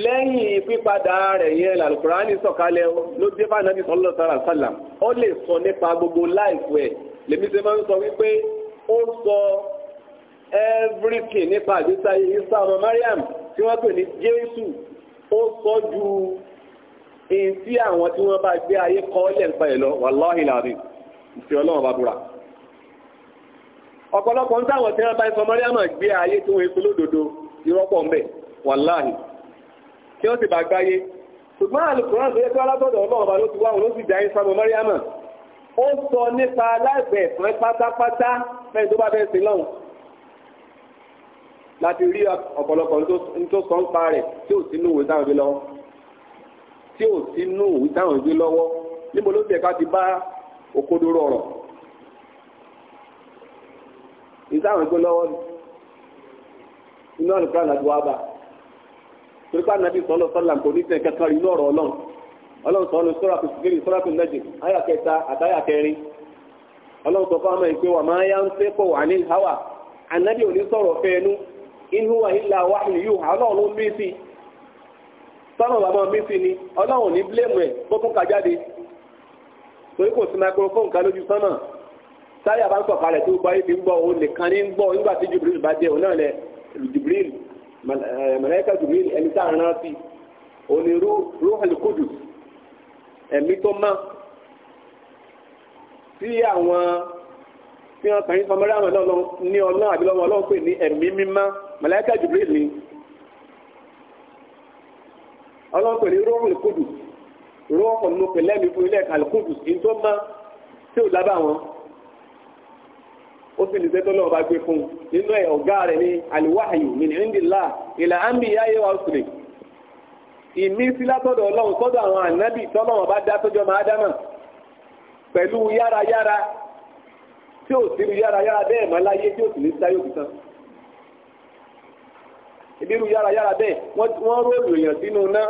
S1: lẹ́yìn pípadà rẹ̀ yẹn làlùkùránì sọ̀kalẹ̀ ló dé fún ànábì sọ́lọ́ sára sálà ó lè sọ nípa gbogbo láìpù ẹ̀ lèmi ṣe máa ń sọ wípé ó ń sọ everything nípa àgbésí ayé isa ọmọ Mariam tí wọ́n pè ní Jésù ó sọ ju èyí tí àwọn tí wọ́n bá gbé ayé kọ́ lẹ̀ ẹ̀ lọ wàláhìláàbí ìfẹ́ ọlọ́run bá búra ọ̀pọ̀lọpọ̀ ń táwọn tí wọ́n bá ifọ̀ mọ́rí àmọ̀ gbé ayé tí wọ́n ekúló dodo ìrọ́pọ̀ ń bẹ̀ wàláhì kí wọ́n sì bá gbáyé ṣùgbọ́n àlùkùrán tó yẹ kí wọ́n látọ̀dọ̀ ọlọ́run bá ló ti wá òun ló sì dá ifọ̀ mọ́rí àmọ̀ ó sọ nípa aláìbẹ̀ fún pátápátá mẹ́rin tó bá fẹ́ sí lọ́hùn láti rí ọ̀pọ̀lọpọ̀ tó sọ ń pa rẹ̀ sínú òwe táwọn lọ́wọ́ níbo ló ti ti bá òkodoro ọrọ. ìsáwọn ìgbó lọ́wọ́ iná nìkan àlàdé wa torí pé ànábì sọlọ sọlá kò ní inú ọ̀rọ̀ ọlọ́run ọlọ́run sọ ọ́nù sọ́ra sọ́ra kẹta àtàyà kẹrin ọlọ́run sọ wà máa yá ń pọ̀ wà ní ànábì sọ̀rọ̀ inú wa wà ní yóò ọlọ́run ló ń bí ni ọlọ́run ní bílẹ̀mù torí kò sí microphone kan lójú sánmà táyà bá ń sọ̀kalẹ̀ tó gbọ́ ibi ń gbọ́ òun nìkan ní ń gbọ́ nígbà tí Jibril bá jẹ́ òun náà lẹ Jibril eh, màláíkà Jibril ẹni tá à ń rántí òní Ruhul Qudus ẹ̀mí tó má tí àwọn tí wọ́n kàn ń sọ mẹ́rẹ́ àwọn ọlọ́run ní ọlọ́run àbí lọ́wọ́ ọlọ́run pè ní ẹ̀mí mímá màláíkà Jibril ni ọlọ́run pè ní Ruhul Qudus ìró ọkọ̀ nínú pẹ̀lẹ́ mi fún ilé ẹ̀ka lùkùdù ní tó má tí ò lábà wọn ó sì ní sẹ́tọ́ lọ́wọ́ bá gbé fún un nínú ẹ̀ ọ̀gá rẹ̀ ní aliwahayu min indillah ìlà ámbì yáyé wa ọ̀sùnrẹ̀ ìmísí látọ̀dọ̀ ọlọ́run sọ́dọ̀ àwọn ànábì tọ́lọ́wọ́n bá dá tọ́jọ́ máa dámà pẹ̀lú yárayára tí ò sí yárayára bẹ́ẹ̀ máa láyé tí ò sì ní sáyé òkúta ìbírú yárayára bẹ́ẹ̀ wọ́n ró èèyàn sínú náà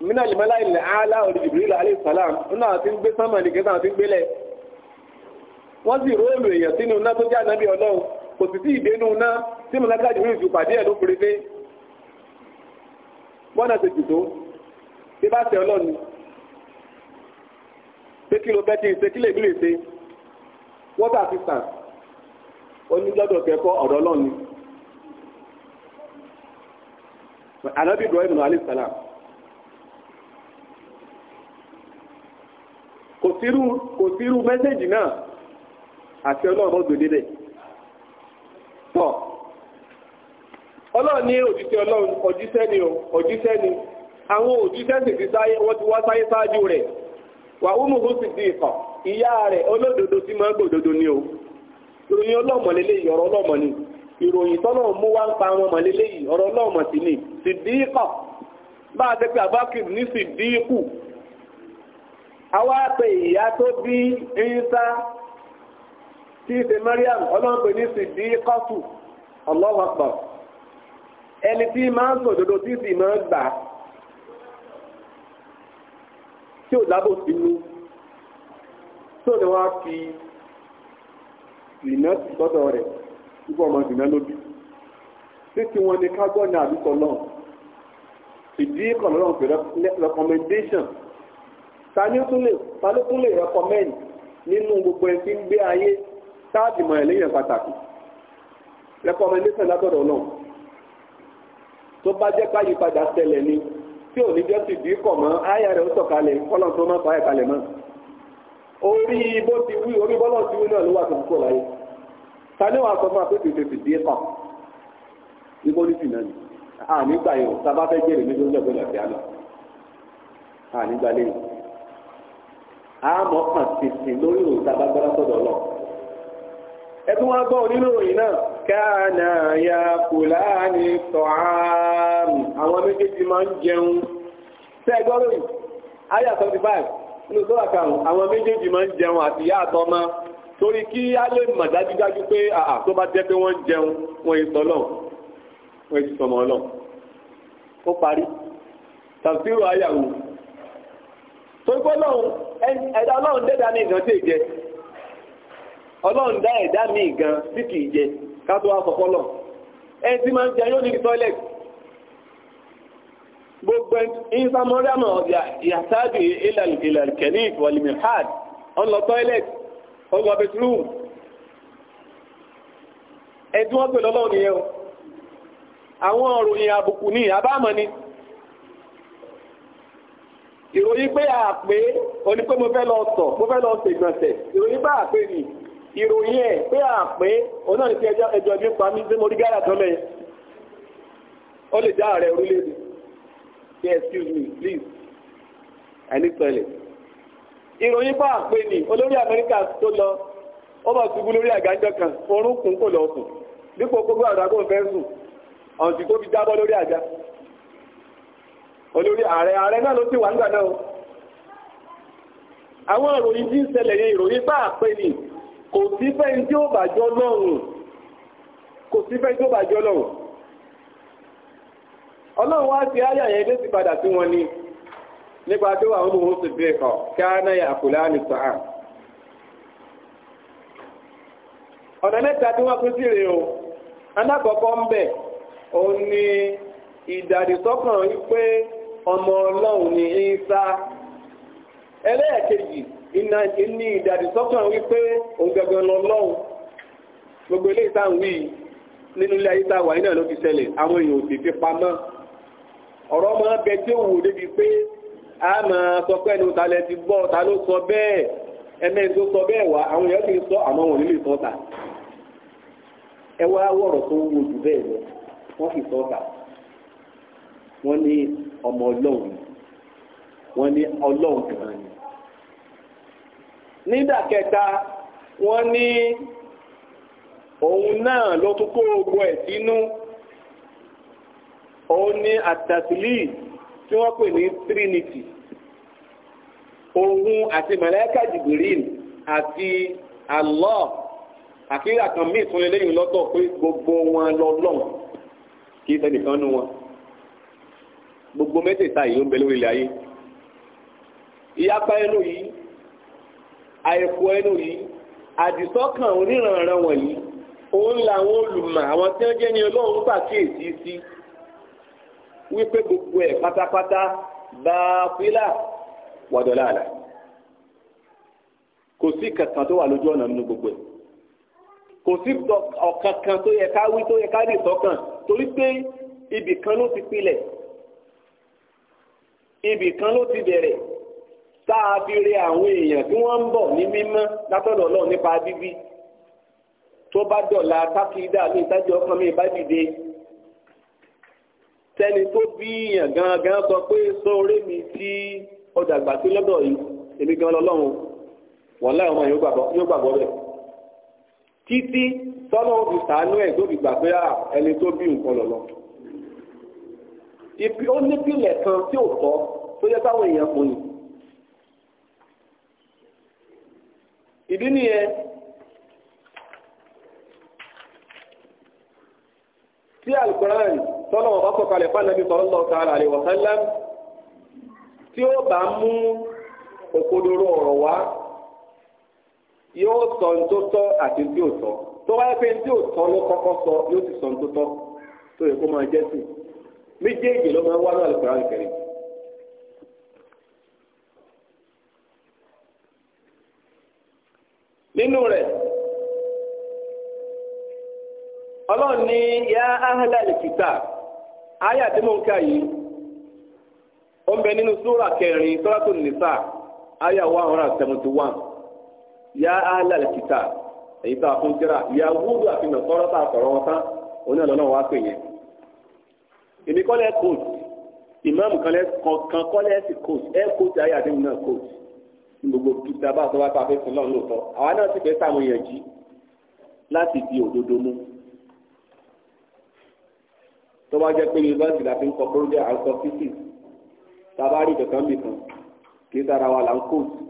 S1: mina limala ilẹ̀ ala orí Jibril alayhi salam nínú àti ń gbé sánmà nìkan tán àti ń gbélẹ̀ wọ́n sì róòlù èèyàn sínú iná tó jẹ́ ànábì ọlọ́run kò sì sí ìdénú iná tí mọ̀láká Jibril fi pàdé ẹ̀ ló péréte bọ́nà ti jù tó tí bá tẹ ọlọ́run pé kí ló fẹ́ ti ṣe kí lè bí ṣe water assistant onílọ́dọ̀ kẹ́kọ̀ọ́ ọ̀dọ́ ọlọ́run ànábì Ibrahim alayhi kò sírú mẹ́sẹ̀jì náà àti ọlọ́run gbèdédé tọ́ ọlọ́run ní òjíṣẹ́ ọlọ́run òjíṣẹ́ ni ni àwọn òjíṣẹ́ sì ti sáyé wọ́n ti wá sáyé sáájú rẹ̀ wà úmùhù sì di ìkọ̀ ìyá rẹ̀ olódodo tí máa gbòdodo ni o ìròyìn ọlọ́mọlélẹ́ ni pa ni Si di àwa pe ìyá tó bí Ìsá tí í ṣe Mariam ọlọ́run pè ní sìdí kọ́tù Allahu Akbar ẹni tí máa ń sòdodo tí sì máa ń gbà tí ò lábò sínú tó ni wọ́n á fi ìná sọ́dọ̀ rẹ̀ púpọ̀ ọmọ ìná lóbi títí wọn ni ká gbọ́ ní àdúgbò náà ìdí ìkànnì náà recommendation. tani tún lè tani tún lè rẹkọmẹ́ǹd nínú gbogbo ẹni tí ń gbé ayé pàtàkì látọ̀dọ̀ náà tó bá jẹ́ ká yípadà ni tí ò ní jẹ́ sì bí kọ̀ mọ́ áyà rẹ̀ ó sọ̀kalẹ̀ kọ́lọ̀ tó máa fa ẹ̀ mọ́ orí bó ti wí orí bọ́lọ̀ ti wí náà ló wà tó kúrò láyé wàá sọ fún a bá fẹ́ jẹ́rìí méjì àmọ́ kàn tètè lórí ìròyìn tá a bá gbọ́dọ̀ sọ̀dọ̀ lọ. ẹtú wọn gbọ́ oníròyìn náà káànà ya kùláàní tọ̀háàmì àwọn méjèèjì máa ń jẹun tẹ́gbọ́ròyìn ayà 75 nínú sọ́wọ́ àkàrùn àwọn méjèèjì máa ń jẹun àti ìyá àtọ́mọ́ torí kí á lè mọ̀ dájúdájú pé àà tó bá jẹ́ pé wọ́n jẹun wọ́n yìí wọ́n yìí ó parí tàbí ayàwó torí pé ọlọ́run ẹ̀dá ọlọ́run dẹ́dá ní ìgbọ̀n tí ì jẹ ọlọ́run dá ẹ̀dá ní ìgbọ̀n tí kì í jẹ kátó wá fọ́fọ́ lọ ẹni tí máa ń jẹ yóò ní toilet gbogbo ìsámọ́rẹ́mà yàtàbí ìlàlùkẹ̀lì ìfọ̀lìmìhàd ọlọ toilet ọlọ bedroom ẹ̀dùn ọ̀pẹ̀lọ́lọ́ nìyẹn àwọn òròyìn àbùkù ní àbámọ̀ ni. Yao. ìròyìn pé a oní pé mo fẹ́ lọ sọ̀ mo fẹ́ lọ sọ ìròyìn pé ni ìròyìn ẹ̀ pé àpé oní ọ̀nà tí ẹjọ́ ẹbí pa mí sí mo rí tán lè dá ààrẹ orílẹ̀-èdè say excuse me please I need toilet ìròyìn pé olórí Amẹ́ríkà tó lọ ó lórí kan orúnkún kò lọ sùn dípò kó gbọ́ olórí ààrẹ ààrẹ náà ló ti wà nígbà náà àwọn ìròyìn tí ń yẹn ìròyìn bá àpè ní kò sí tí ó kò tí ó lọ́rùn ọlọ́run wá ayà yẹn ti padà wọn ni nípa tó àwọn ọmọ oṣù bẹ́ẹ̀ kí àkùlá ní sàá ọ̀nà mẹ́ta tí o alákọ̀ọ́kọ́ ń bẹ̀ òun ni ìdàdìsọ́kàn ọmọ ọlọ́run ni ìsá ẹlẹ́ẹ̀kejì ní ìdàdìsọ́kàn wípé òun gẹ́gẹ́ gbogbo ilé ìsá wí nínú ilé ayé táwa iná ló fi sẹlẹ̀ àwọn èèyàn ò fi pamọ́ ọ̀rọ̀ ọmọ bẹ tí ó wù ta lẹ ti gbọ́ sọ bẹ́ẹ̀ ẹmẹ́ tó sọ bẹ́ẹ̀ àwọn èèyàn ti sọ àmọ́ wọn wọ̀rọ̀ tó wù jù bẹ́ẹ̀ wọ́n ní ọmọ ọlọ́run wọ́n ní ọlọ́run kan ni nídàkẹta wọ́n ní òun náà ló tún kó gbogbo ẹ̀ sínú òun ní àtàtìlì tí wọ́n pè ní trinity òun àti màláíkà jìbìrín àti Allah àkíyà kan míì tún lélẹ́yìn lọ́tọ̀ pé gbogbo wọn lọ́lọ́run kì í ṣẹ́nìkan nú wọn gbogbo mẹ́tẹ̀ẹ̀ta yìí ló ń bẹ lórí ilẹ̀ ayé ìyapa ẹnu yìí àìkú ẹnu yìí àdìsọ́kàn oníranran wọ̀nyí òun làwọn olùmọ̀ àwọn tí wọ́n jẹ́ ní ọlọ́run pàkíyèsí sí wípé gbogbo ẹ̀ pátápátá bá fílà wàdọ̀lá àlà kò sí kankan tó wà lójú ọ̀nà nínú gbogbo ẹ̀ kò sí ọ̀kankan tó yẹ ká wí tó yẹ ká rí ìsọ́kàn torí pé ibì kan ló ti pilẹ̀ ibì kan ló ti bẹ̀rẹ̀ tá a fi re àwọn èèyàn tí wọ́n ń bọ̀ ní mímọ́ látọ̀dọ̀ ọlọ́run nípa bíbí tó bá dọ̀la tákìdá ní ìtajà ọkàn mi bá dìde tẹni tó bí yàn gangan sọ pé sóore mi tí ọjà àgbà sí lọ́dọ̀ yìí èmi gan lọ́lọ́run wọ́n láì ọmọ yóò gbàgbọ́ bẹ́ẹ̀ títí tọ́lọ́ òbí sàánú ẹ̀ tó fi gbà pé ẹni tó bí nǹkan lọ́lọ́ ó nípìnlẹ̀ kan tí ò tọ́ tó yẹ káwọn èèyàn kò ní. ìdí nìyẹn tí alukoran tọ́lọ̀ wọn bá sọ̀kalẹ̀ fún anabi sallallahu ta'ala alaihi wa sallam tí ó bá mú òkodoro ọ̀rọ̀ wá yóò sọ ní tó tọ́ àti tí ò tọ́ tó wáyé pé tí ò tọ́ ló kọ́kọ́ sọ yóò ti sọ ní tó tọ́ tó yẹ kó máa jẹ́ sí méjèèjì ló máa wá ní Al-Qur'an ọlọ́run ní yá ahlal kitab ayé àti mọ̀nká yìí ó ń bẹ nínú súrà kẹrin sọ́ràtò nìsà ayé one hundred and seventy one yá ahlal kitab èyí tá a fún kíra Yahudu àti nàkọ́rọ́ tá a sọ̀rọ̀ wọn tán oní ọ̀lọ́nà wa pè yẹn èmi kọ́ lẹ́ kóòtù kan kọ́ sí kóòtù ẹ kóòtù ayé àti mọ̀nà kóòtù gbogbo peter bá a sọ wá pàfẹ́ fún lọ́run lóòótọ́ àwa náà sì fẹ́ sàmúyẹ̀jì láti di òdodo mú tó bá jẹ́ pé yunifásitì la fi ń kọ project and sub thesis tabari kankan nìkan kì í sára wa là ń kóòtù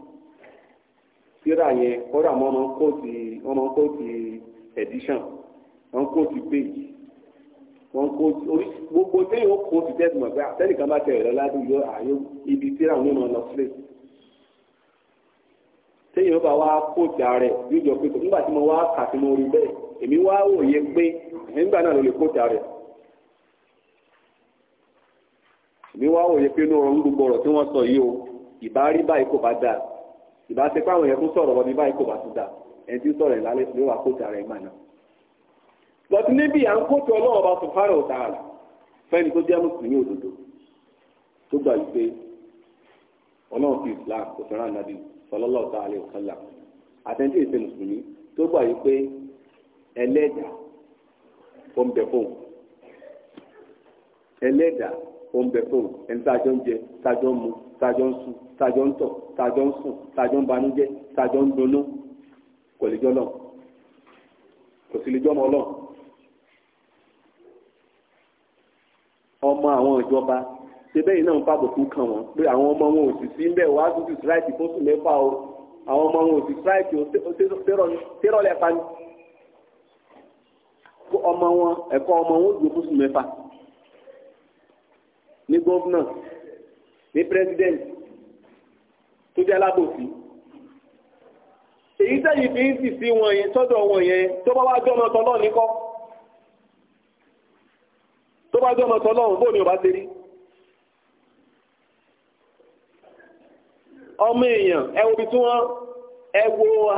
S1: síra yẹn kódà wọn máa ń kóòtù wọn máa ń kóòtù edition wọn kóòtù page wọn kó gbogbo téèyàn ó kó ti tẹ́sí mọ̀ pé àtẹ́nìkan bá tẹ̀ ẹ̀rọ ládùn yóò ibi tíra òun náà lọ sílẹ̀ téèyàn ó bá wá kó ààrẹ yóò jọ pé nígbà tí mo wá kà sí mo rí bẹ́ẹ̀ èmi wá òye pé nígbà náà ló lè kó ààrẹ èmi wá òye pé inú ọ̀rọ̀ gbogbo ọ̀rọ̀ tí wọ́n sọ yìí o ìbá rí báyìí kò bá dáa ìbá ṣe pé àwọn yẹn tún sọ̀rọ̀ ọ̀bí báyìí kò bá tún dáa ẹni tí ń sọ̀rọ̀ ìlàlẹ́ ló wà kóòtù ara ẹ̀ máa ná. lọ́tún níbi à ń kóòtù ọlọ́run ọba sùfárà ọ̀tàrà fẹ́ni tó jẹ́ mùsùlùmí òdodo tó gbà wípé ọlọ́run fi islam kò ó ń bẹ fún ẹni tájọ́ ń jẹ tájọ́ ń mu tájọ́ ń sùn tájọ́ ń tọ̀ tájọ́ ń sùn tájọ́ ń banújẹ́ tájọ́ ń dunnú kò lè jọ́ náà kò sì lè jọ́ ọmọ ọlọ́run ọmọ àwọn ìjọba ṣe bẹ́ẹ̀ náà ń fàbùkù kàn wọ́n pé àwọn ọmọ wọn ò sì sí ń bẹ̀ wá dúdú síláìtì fún sùn mẹ́fà o àwọn ọmọ wọn ò sì síláìtì o tẹ́rọ̀ lẹ́pa ni ọmọ wọn ẹ̀kọ́ ọmọ wọn ò dúró fún sùn mẹ́fà ní gómìnà ní pírẹsidẹ́ǹtì tó jẹ́ alábòsí èyí sẹ́yìn fi ń sì sí wọn yẹn sọ́dọ̀ wọn yẹn tó bá wá jọ́nà tọ́lọ́ níkọ́ tó bá jọ́nà tọ́lọ́ bó ni ọba ṣe rí ọmọ èèyàn ẹ wo ibi tí wọ́n ẹ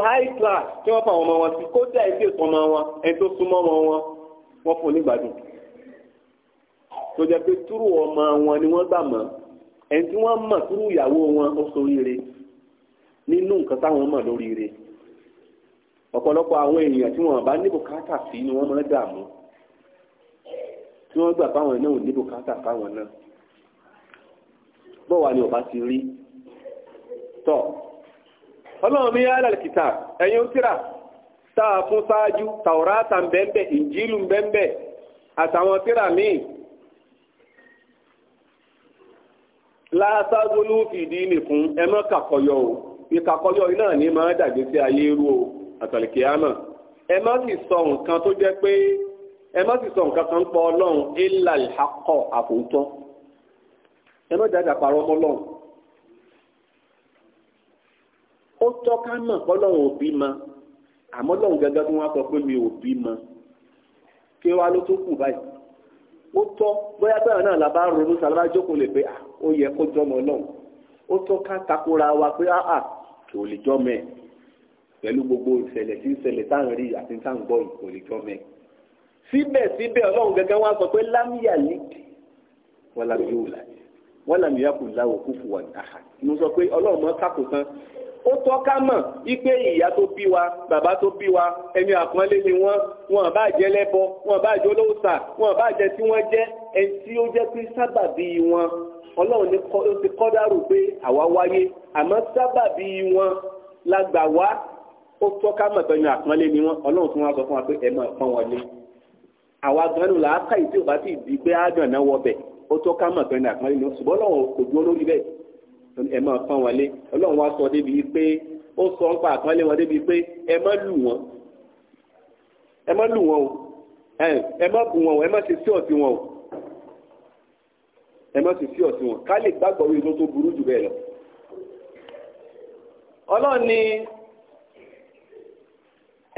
S1: high class tí wọ́n fa ọmọ wọn sí kódà ẹ sì sọmọ wọn ẹ tó súnmọ́ ọmọ wọn wọ́n fún un nígbàdùn tó jẹ́ pé túrú ọmọ wọn ni wọ́n gbà mọ́ ẹni tí wọ́n mọ̀ túrú ìyàwó wọn ó soríire nínú nǹkan táwọn mọ̀ lóríire ọ̀pọ̀lọpọ̀ àwọn èèyàn tí wọ́n bá ní bùkátà sí ni wọ́n máa dààmú tí wọ́n gbà fáwọn náà ò ní bùkátà fáwọn náà bọ́wà ni ọba ti rí tọ́ ọlọ́run mi yára kìtà ẹ̀yin tíra táà fún ṣáájú tàwọ́rá tàǹbẹ̀ǹbẹ̀ ìjìlù bẹ́ǹbẹ̀ àtàwọn tíra míì láàtàgúnú fìdí nìkún ẹ má kàkọyọ o ìkàkọyọ iná ní máa dàgbé sí ayé rú o àtàlìkìyàmà ẹ má sì sọ nǹkan tó jẹ́ pé ẹ má sì sọ nǹkan kan pọ ọlọ́run ilà ìhakọ àfòótọ́ ẹ má dàgbà parọ́ mọ́ ọlọ́run ó mọ mọ̀ kọ́lọ́run òbí ma àmọ́ ọlọ́run gẹ́gẹ́ bí wọ́n sọ pé mi òbí ma kí wàá ló tó kù báyìí. ó tọ́ bóyá bẹ́ẹ̀ náà làbá ronú sàlábà jókòó lè pé ó yẹ kó jọmọ náà ó tọ́ ká takora wa pé áà kò lè jọmọ ẹ̀ pẹ̀lú gbogbo ìṣẹ̀lẹ̀ tí ìṣẹ̀lẹ̀ tá à ń rí àti tá à ń gbọ́ kò lè jọmọ ẹ̀ síbẹ̀síbẹ̀ ọlọ́run gẹ́gẹ́ wá sọ pé lámìyà lè dì wọ́n yóò láti wọ́n làmì yàkù láwò kúfù wà dáhà mo sọ pé ọlọ́run mọ́ kàkó tán ó tọ́ka mọ̀ wípé ìyá tó bí wa bàbá tó bí wa ẹni àpọ́nlé ni wọ́n wọn bá jẹ́ lẹ́bọ wọn bá jẹ́ olóòṣà wọn bá jẹ́ tí wọ́n jẹ́ ẹni tí ó jẹ́ pé sábàbí wọn ọlọ́run ló ti kọ́ dárò pé àwa wáyé àmọ́ sábàbí wọn la gbà wá ó tọ́ka mọ̀ pẹ̀lú àpọ́nlé ni wọ́n ọlọ́run tún wá sọ fún wa pé ẹ máa pọ́n wọn àwa gan-an làákàyè tí ò bá ó tó ká mọ̀ pẹ́ẹ́nì àpọ́nlé ni ṣùgbọ́n ọlọ́run kò dúró lórí bẹ́ẹ̀ ẹ máa pọ́n wọn lé ọlọ́run wá sọ débi pé ó sọ ń pa àpọ́nlé wọn débi pé ẹ má lù wọn ẹ má lù wọn o ẹ má bù wọn o ẹ má ṣe sí ọ̀sìn wọn o ẹ má ṣe sí ọ̀sìn wọn ká lè gbàgbọ́ wí tó tó burú jù bẹ́ẹ̀ lọ. ọlọ́run ni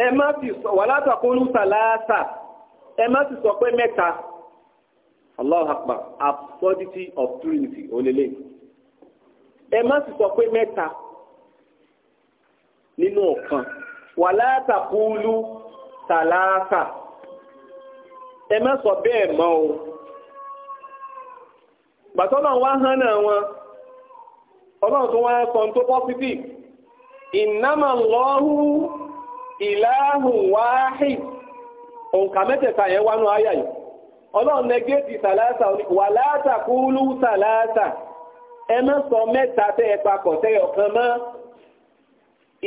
S1: ẹ má fi sọ wàhálà tó àkóńtà láàtà ẹ má fi sọ pé mẹ́ta. Allahu Akbar absurdity of trinity olele ẹ má sì sọ pé mẹ́ta nínú ọ̀kan wàlá tàkúlù tàlàáta ẹ má sọ bẹ́ẹ̀ mọ́ o gbàtọ́nà wá hàn náà wọn ọlọ́run tó wá sọ tó positive ìnámà lọ́hù ìlàhùn wáhì òǹkà mẹ́tẹ̀ẹ̀ta yẹn wánú ayà yìí ọlọ́run nẹgẹ́tì sàlásà wà látàkúlù sàlásà ẹ má sọ mẹ́ta tẹ́ ẹ papọ̀ tẹ́ ọ̀kan mọ́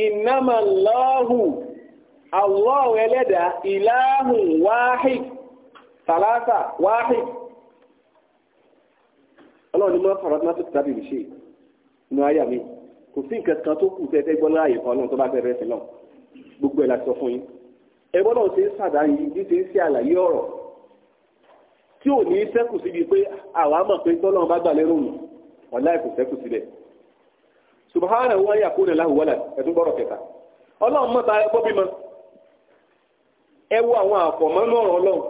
S1: ìnámà lọ́hù àwọ̀ ẹlẹ́dà ìláhùn wáhìd sàlásà wáhìd ọlọ́run ni mọ́ fàrọ́tí máa tó tàbí rí ṣe inú ayà mi kò sí nǹkan kan tó kù tẹ́tẹ́ gbọ́ láàyè kan náà tó bá bẹ̀rẹ̀ sí náà gbogbo ẹ̀ la sọ fún yín ẹ gbọ́dọ̀ ṣe ń sàdáyé bí ṣe ń ṣe àlàyé ọ̀rọ̀ tí ò ní sẹ́kù síbi pé àwa mọ̀ pé tọ́lọ́run bá gbà lérò nù ọ̀la ẹ̀kọ́ sẹ́kù síbẹ̀ subhanahu wa walad ẹ̀dún kẹta ọlọ́run mọ̀ta ẹgbọ́ bímọ ẹ wo àwọn àfọ̀mọ́nú ọ̀rọ̀ ọlọ́run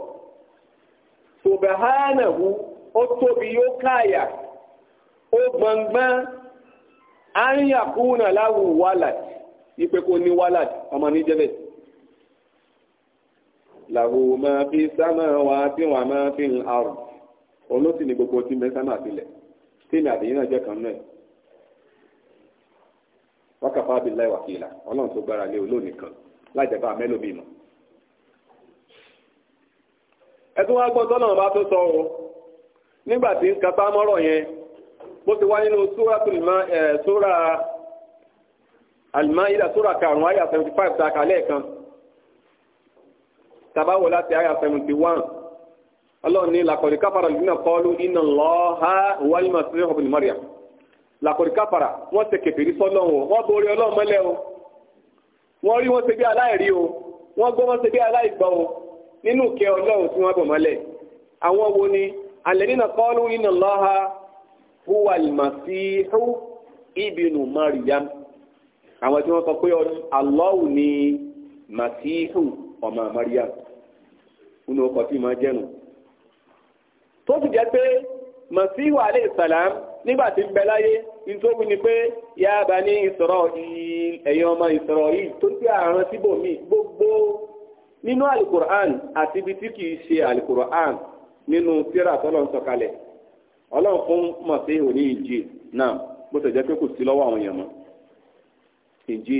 S1: subhanahu ó tóbi yóò walad ìpè kò ní làwù máa fi sámà wá tí wọn máa fi ń àrùn òun ló sì ní gbogbo tí ń bẹ sámà sílẹ̀ tí ìmì àdéhùn náà jẹ́ kan náà wákàfà abiláì wàkìlà ọlọ́run tó gbára lé olóòní kan láìjẹ̀bá mẹ́lòmíì mọ́ ẹtún wá gbọ́n tọ́lọ́run bá tó sọ o nígbà tí ń kápá mọ́rọ̀ yẹn bó ti wá nínú sóra eh, Al-Ma'idah sóra karùn-ún àyà seventy 75 ta kálẹ̀ kan tabawo láti àyà seventy one ọlọ́run ní làkọ̀dí káfàrà lùdínà kọ́lù iná lọ́ha wáyímọ̀ sí ọ̀bùn Maryam làkọ̀dí káfàrà wọ́n ti kẹfìrí sọ́lọ́run o wọ́n borí ọlọ́run mọ́lẹ̀ o wọ́n rí wọ́n ṣe bí aláìrí o wọ́n gbọ́ wọ́n ṣe bí aláìgbọ́ o nínú kẹ ọlọ́run tí wọ́n bọ̀ mọ́lẹ̀ àwọn wo ni alẹ́ nínà kọ́lù iná lọ́ha wáyímọ̀ sí ibnu Maryam àwọn tí wọ́n sọ pé Allahu ni nínú ọkọ̀ tí mo jẹ́nu. tó sì jẹ́ pé masihu alayhi salam nígbà tí ń bẹ láyé nítorí ni pé ya bani Isra'il ẹ̀yin ọmọ Isra'il tó ti àrùn síbòmí gbogbo nínú alukur'an àti ibi tí kìí ṣe alukur'an nínú tírà tọ́lọ́n sọ̀kalẹ̀ ọlọ́run fún masihu ní ìjì náà bó ṣe jẹ́ pé kò sí lọ́wọ́ àwọn èèyàn mọ́ ìjì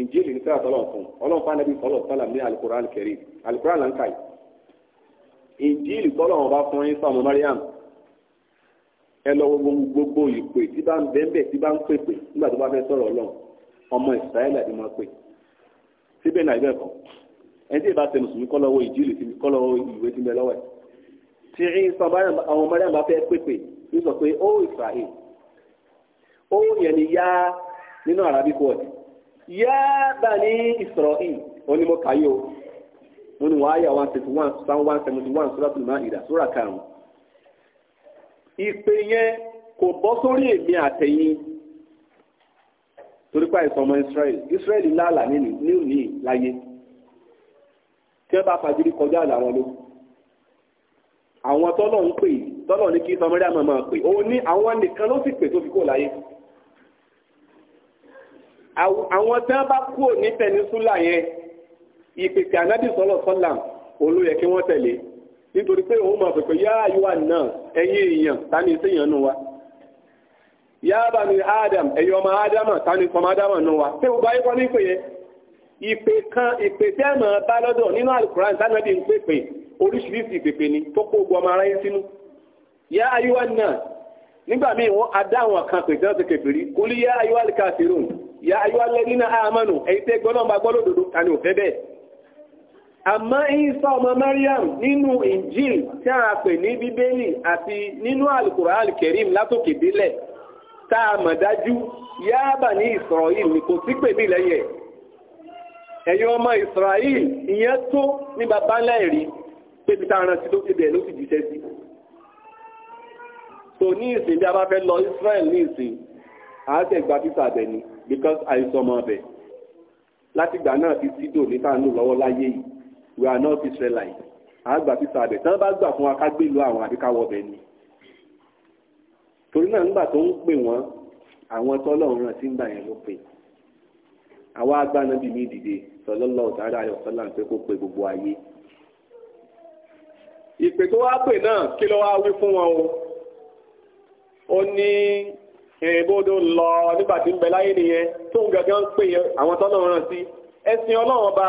S1: ìjì lè ní tírà tọ́lọ́n fún ọlọ́run fún anabi sọlọ sọlá ní alukur'an kẹrin alukur'an là Injil tọ́lọ́wọ́n bá fún Isa ọmọ Mariam ẹ lọ gbogbo gbogbo ìpè tí bá ń bẹ́ńbẹ́ tí bá ń pèpè nígbà tó bá fẹ́ sọ̀rọ̀ Ọlọ́run ọmọ Israẹli àti máa pè síbẹ̀ náà ibẹ̀ kan ẹni tí ìbá ṣe mùsùlùmí kọ́ lọ́wọ́ Injil ti kọ́ lọ́wọ́ ìwé ti bẹ lọ́wọ́ ẹ̀ tí Isa ọmọ Mariam bá fẹ́ pèpè ń sọ pé ó Israẹli ó yẹn ni yá nínú Arabic word yá bá ní Israẹli onímọ̀ káyọ̀ wọ́n ní wọ́n àyà one thirty one psalm one seventy one suratul maida sura karùn-ún. ìpè yẹn kò bọ́ sórí èmi àtẹ̀yìn torí pa ìsọ ọmọ israel israel lálà nínú ní láyé tí wọ́n bá fagídí kọjá àlà wọn ló àwọn tọ́lọ̀ ń pè tọ́lọ̀ ní kí sọmọdé àmọ́ máa pè òun ní àwọn nìkan ló sì pè tó fi kó láyé àwọn tí wọ́n bá kúrò ní peninsula yẹn ìpèsè ànábì sọlọ sọlá olú yẹ kí wọ́n tẹ̀lé nítorí pé òun máa pèpè yá àyíwá náà ẹ̀yin èèyàn tani séèyàn nù wa yá bani Adam ẹ̀yin ọmọ Ádámà tani sọmọ Ádámà nù wa pé gbogbo ayé kọ́ ní ìpè yẹn ìpè kan ìpè tẹ́ ẹ̀ máa bá lọ́dọ̀ nínú alukuran sanabi ń pèpè oríṣiríṣi ìpèpè ni tó kó gbọmọ ara yín sínú yá àyíwá náà nígbà míì wọ́n adáwọn kan pèsè náà ti kẹfìrí kúlí yá àyíwá lè ká sí rò yá àyíwá lẹ́ni náà àmọ́nù ẹ̀yin tẹ́ gbọ́ náà bá gbọ́ lódodo tani ò fẹ́ bẹ́ẹ̀ àmọ́ Ìsá ọmọ Maryam nínú Injil tí a pè ní Bíbélì àti nínú Al-Qur'an Al-Karim látòkè délẹ̀ tá a mọ̀ dájú yáàbà ní Israel ní kò sí pèmí lẹ́yìn ẹ̀ ẹ̀yin ọmọ Israel ìyẹn tó ní bàbá ńlá ẹ̀rí pébi tá a rántí ló ti bẹ̀rẹ̀ ló sì jíṣẹ́ sí so ní ìsìn bí a bá fẹ́ lọ Israel ní ìsìn àátẹ̀ gba títà bẹ̀ ni because àìsàn ọmọ ọbẹ̀ látìgbà náà ti sídò níta ń lò lọ́wọ́ láyé yìí we are not Israelites àgbà ti sàbẹ̀ tán bá gbà fún wa ká gbé ìlú àwọn àbíkáwọ̀ bẹ̀ ni torí náà nígbà tó ń pè wọ́n àwọn tọ́lọ́run náà ti ń gbà yẹn ló pè àwa agbára bíi mi dìde sọlọ́lọ́ ọ̀tàrà ayọ̀sọ́lá ń pẹ́ kó pe gbogbo ayé ìpè tó wá pè náà kí ló wá wí fún wọn o ó ní ìrìnbodò lọ nígbà tí ń bẹ láyé nìyẹn tóun gàgán ń pè àwọn tọ́lọ́run náà sí ẹ̀sìn ọlọ́run ọba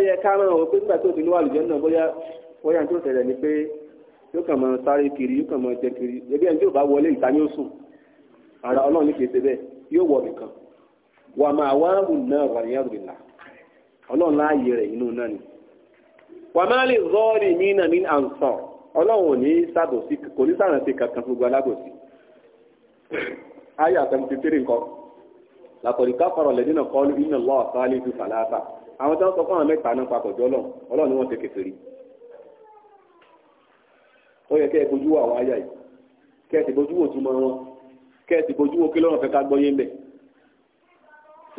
S1: yẹ ká máa wọ pé nígbà tó ti níwà lùjọ́ náà bóyá bóyá tó tẹ̀lẹ̀ ni pé yóò kàn máa sáré kiri yóò kàn máa jẹ kiri ebi ẹni tí ò bá wọlé ìta ni ó sùn ara ọlọ́run ní kìí ṣe bẹ́ẹ̀ yóò wọ nìkan wà máa wá wù náà wà ní ẹrù ìlà ọlọ́run láàyè rẹ̀ inú náà ni wà máa lè zọ́ọ̀rì mí náà ní àǹsọ̀ ọlọ́run ò ní sàbòsí kò ní sàrántí kankan fún gbogbo alábòsí ayé àtẹnudí tẹ́rẹ̀ nǹkan làkọ̀dí káfọ̀rọ̀ àwọn tó ń sọ fún àwọn mẹ́ta náà papọ̀ jọ ọlọ́run ni wọ́n ti kèfèrí ó yẹ kẹ́ ẹ bójú wò àwọn àyà yìí kẹ́ ẹ sì bójú wò túmọ̀ wọn kẹ́ ẹ sì bójú wò kí lọ́rùn fẹ́ ká gbọ́ yé mbẹ́.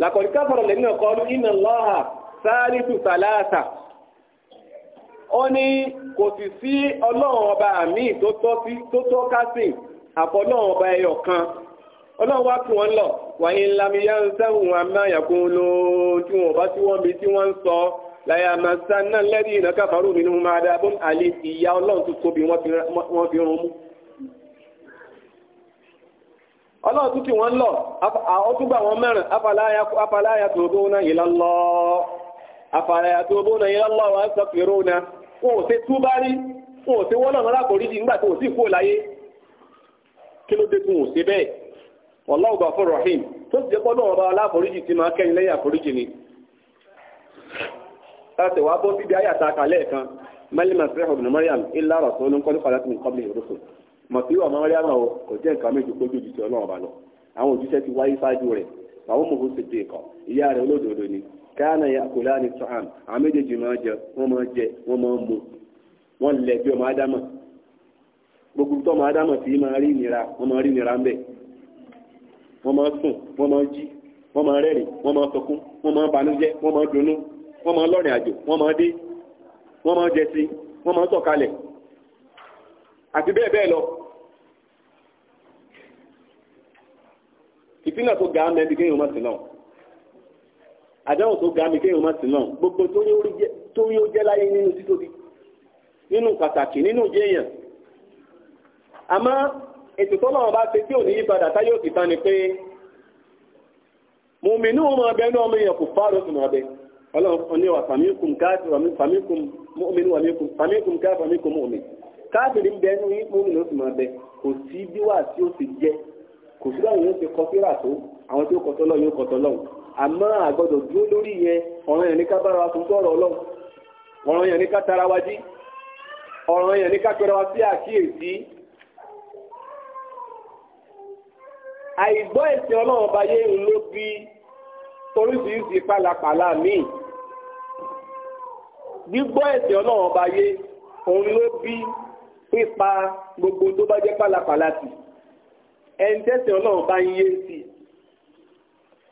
S1: làkọ̀dí káfọ̀rọ̀ lẹ́yìn náà kọlu iná lọ́hà sáálísù sàlàsà ó ní kò sì sí ọlọ́run ọba àmì tó tọ́ ká sìn àfọlọ́run ọba ẹyọ kan ọlọ́run wá kù wọn lọ wàyí ńlámiyá ń sẹ́hùn àmáyàkún ló tí wọ́n bá tí wọ́n bí tí wọ́n ń sọ láyà máa sáná lẹ́dí iná káfàrú mi ní mo máa dábọ́n àlè ìyá ọlọ́run tó tóbi wọ́n fi rún mú. ọlọ́run tó kì wọ́n lọ ọtúgbà wọn mẹ́rin afàláyà tó bó náà ìlà lọ afàláyà tó bó náà ìlà lọ wà sọ fèrè ó náà wọn ò ṣe túbá rí wọn ò ṣe wọ́lọ́run alákòrí jì nígbà tó ò sì kú ò láyé kí ló dé tún ò ṣe bẹ́ẹ̀. wallahu ghafur rahim tó ti kpọdụ náà ọba aláforíjì ti máa kẹ́yìn lẹ́yìn àforíjì ni. láti wá bọ́ síbi ayé àtàkà lẹ́ẹ̀kan mẹ́lìmọ̀ sẹ́hìn ọ̀bìnrin mariam ilá rọ̀tún olóńkọ́ni kọ́lẹ́tì nǹkan bí ìrúkù ọmọ mariam o kò jẹ́ nǹkan méjì kójú òjijì ọlọ́run ọba lọ àwọn òjíṣẹ́ ti wáyé rẹ̀ àwọn ìyá rẹ̀ ni sọ́hàn àwọn méjèèjì máa jẹ wọ́n máa jẹ wọ́n máa wọ́n lẹ̀ bí ọmọ gbogbo tó ọmọ máa rí ìnira wọ́n máa wọ́n máa sùn wọ́n máa jí wọ́n máa rẹ́rìn wọ́n máa sọkún wọ́n máa banújẹ́ wọ́n máa dunnú wọ́n máa lọ́rìn àjò wọ́n máa dé wọ́n máa jẹ sí wọ́n máa sọ̀kalẹ̀ àti bẹ́ẹ̀ bẹ́ẹ̀ lọ. ìpínlẹ̀ tó ga mẹ́bi kéèyàn má sí náà àdáhùn tó ga mi kéèyàn má sí náà gbogbo tó yóò jẹ́ láyé nínú títóbi nínú pàtàkì nínú jẹ́yàn àmọ́ ètò tọ́lọ́wọ́n bá ṣe tí ò ní yípadà táyé òsì tán ni pé mùmínú ọmọ ọbẹ ní ọmọ èèyàn kò fáró sùn ọbẹ ọlọ́run ní wa fàmíkùn káàfì fàmíkùn mọ́mìn wà míkùn fàmíkùn káàfì fàmíkùn mọ́mìn káàfì ní bẹ́ẹ̀ ní mọ́mìn oṣù máa bẹ kò sí bí wà tí ó ti jẹ kò sí báyìí ó ti kọ síra tó àwọn tí ó kọ tọ́lọ́ yóò kọ tọ́lọ́ àmọ́ àgbọ̀dọ̀ dúró lórí yẹn ọ̀ràn yẹn ní ká bára wa fún sọ̀rọ̀ ọlọ́run ọ̀ràn yẹn ní àìgbọ́ ẹ̀sìn ọlọ́run ọba yé ń ló bí oríṣiríṣi pálapàla míì gbígbọ́ ẹ̀sìn ọlọ́run ọba yé òun ló bí pípa gbogbo tó bá jẹ́ pálapàla tì ẹni tẹ́sìn ọlọ́run bá ń yé sí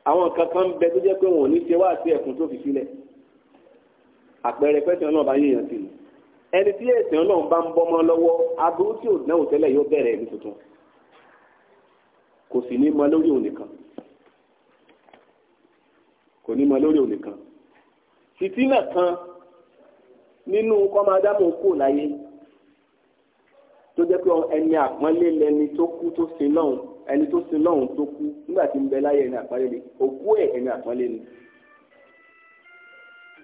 S1: àwọn nǹkan kan bẹ tó jẹ́ pé wọn ò ní ṣe wá sí ẹ̀kún tó fi sílẹ̀ àpẹẹrẹ pẹ́sìn ọlọ́run bá yéèyàn sí ni ẹni tí ẹ̀sìn ọlọ́run bá ń bọ́mọ lọ́wọ́ aburú tí ò náwó tẹ́lẹ̀ yóò bẹ̀rẹ̀ ẹ̀mí tuntun kò sì ní ma lórí òun nìkan kò ní ma lórí òun nìkan fìtínà kan nínú kọ́mádámù kò láyé tó jẹ́ pé ẹni àpọ́nlé lẹni tó kú tó sin lọ́hùn ẹni tó sin lọ́hùn tó kú nígbà tí ń bẹ láyé ẹni àpọ́nlé ni òkú ẹ̀ ẹni àpọ́nlé ni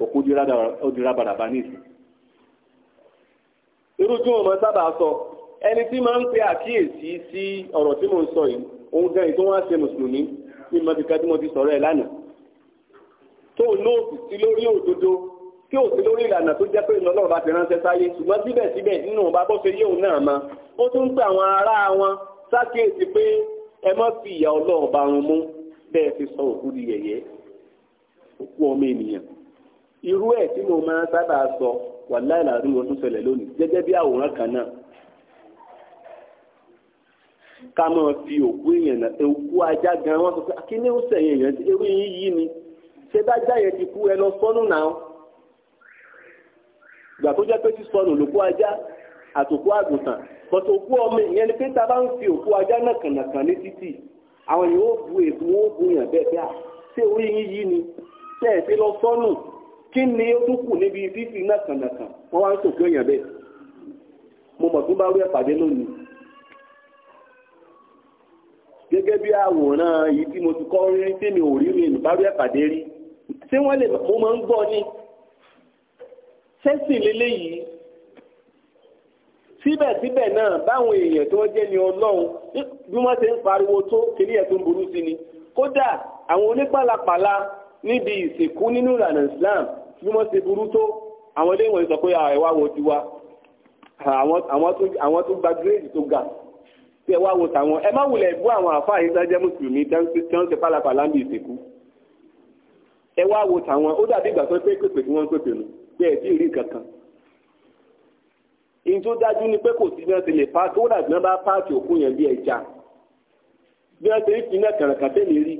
S1: òkú dira bàràbà nìyí irú tí wọn máa sábà sọ ẹni tí máa ń pe àkíyèsí sí ọ̀rọ̀ tí mò ń sọ yìí òun gan ìtò wọn á ṣe mùsùlùmí ní mọ̀bìkan tí mo ti sọ̀rọ̀ ẹ̀ lánàá tó lóòtù sí lórí òdodo tí ò sí lórí ìlànà tó jẹ́ pé ìlọ́lọ́run bá fi ránṣẹ́ sáyé ṣùgbọ́n síbẹ̀síbẹ̀ nínú ọba bó ṣe yóò náà mọ ó tún ń pè àwọn ará wọn sákèésí pé ẹ má fi ìyà ọlọ́run bá wọn mú bẹ́ẹ̀ fi sọ òkú di yẹ̀yẹ́ òkú ọmọ ènìyàn irú ẹ̀ tí mo máa ń sábà sọ wàláì làdúgbò tún ṣẹlẹ̀ lónìí gẹ́gẹ́ bí àwòrán kan náà ká máa fi òkú èèyàn òkú ajá gan wọn sọ pé akíní ó sẹ̀yìn èèyàn tí ewé yín yí ni ṣé bájá ti kú ẹ lọ sọnù náà gbà tó jẹ́ pé ti sọnù lòkú ajá àtòkú àgùntàn bọ́tò òkú ọmọ ìyẹn ni pé tá a fi òkú ajá náà kànàkàn ní títì àwọn yìí ó bu èkú wọn ó bu yàn bẹ́ẹ̀ ṣé yín ni lọ sọnù kí ni ó tún kù níbi fífi náà kànàkàn wá ń èèyàn bẹ́ẹ̀ mo mọ̀ tó bá rí ẹ̀ pàdé gẹ́gẹ́ bí àwòrán yìí tí mo ti kọ́ rírí tí mi ò rí mi ìbárò ẹ̀pàdé rí tí wọ́n lè mo máa ń gbọ́ ni sẹ́sìn lélẹ́yìí síbẹ̀síbẹ̀ náà báwọn èèyàn tí wọ́n jẹ́ ni ọlọ́run bí wọ́n ṣe ń pariwo tó kiri ẹ̀ tó ń burú sí ni kódà àwọn onípàlàpàlà níbi ìsìnkú nínú ìlànà Islam bí wọ́n ṣe burú tó àwọn ilé ìwọ̀n sọ pé àìwá wo ti wa àwọn tó gba gírèdì tó ga tẹ wá wo tàwọn ẹ má wulẹ̀ bú àwọn àfa àyíṣájẹ́ mùsùlùmí tí wọ́n ṣe pálapàla ń bí ìsìnkú ẹ wá wo tàwọn ó dàbí ìgbà tó pé pèpè tí wọ́n ń pèpè nù pé ẹ̀ tí ì rí kankan ìyí tó dájú ni pé kò sí bí wọ́n ti lè páàkì ó dàbí wọ́n bá páàkì òkú yẹn bí ẹja bí wọ́n ti ń fi náà kàràkàn tẹ́lẹ̀ rí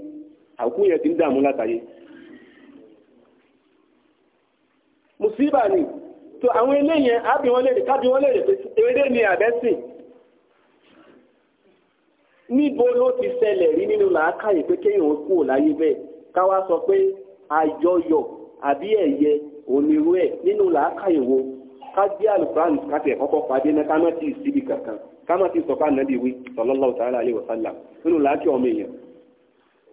S1: àkú yẹn ti ń dààmú látàyè mùsíbà ni tó àwọn eléyẹn àbí wọn lè rí kábí wọn lè rí pé eré ni àbẹ́sìn níbo ló ti ṣẹlẹ̀ rí nínú làákàyè pé kéèyàn ó kúrò láyé bẹ́ẹ̀ káwá sọ pé àjọyọ̀ àbí ẹ̀yẹ onírú ẹ̀ nínú làákàyè wo ká gbé alukuraani káfí ẹ̀ kọ́kọ́ pàdé náà ká má ti síbi kankan ká má ti sọ pé ànábì wí sallallahu ta'ala alaihi wa sallam nínú làákì ọmọ èèyàn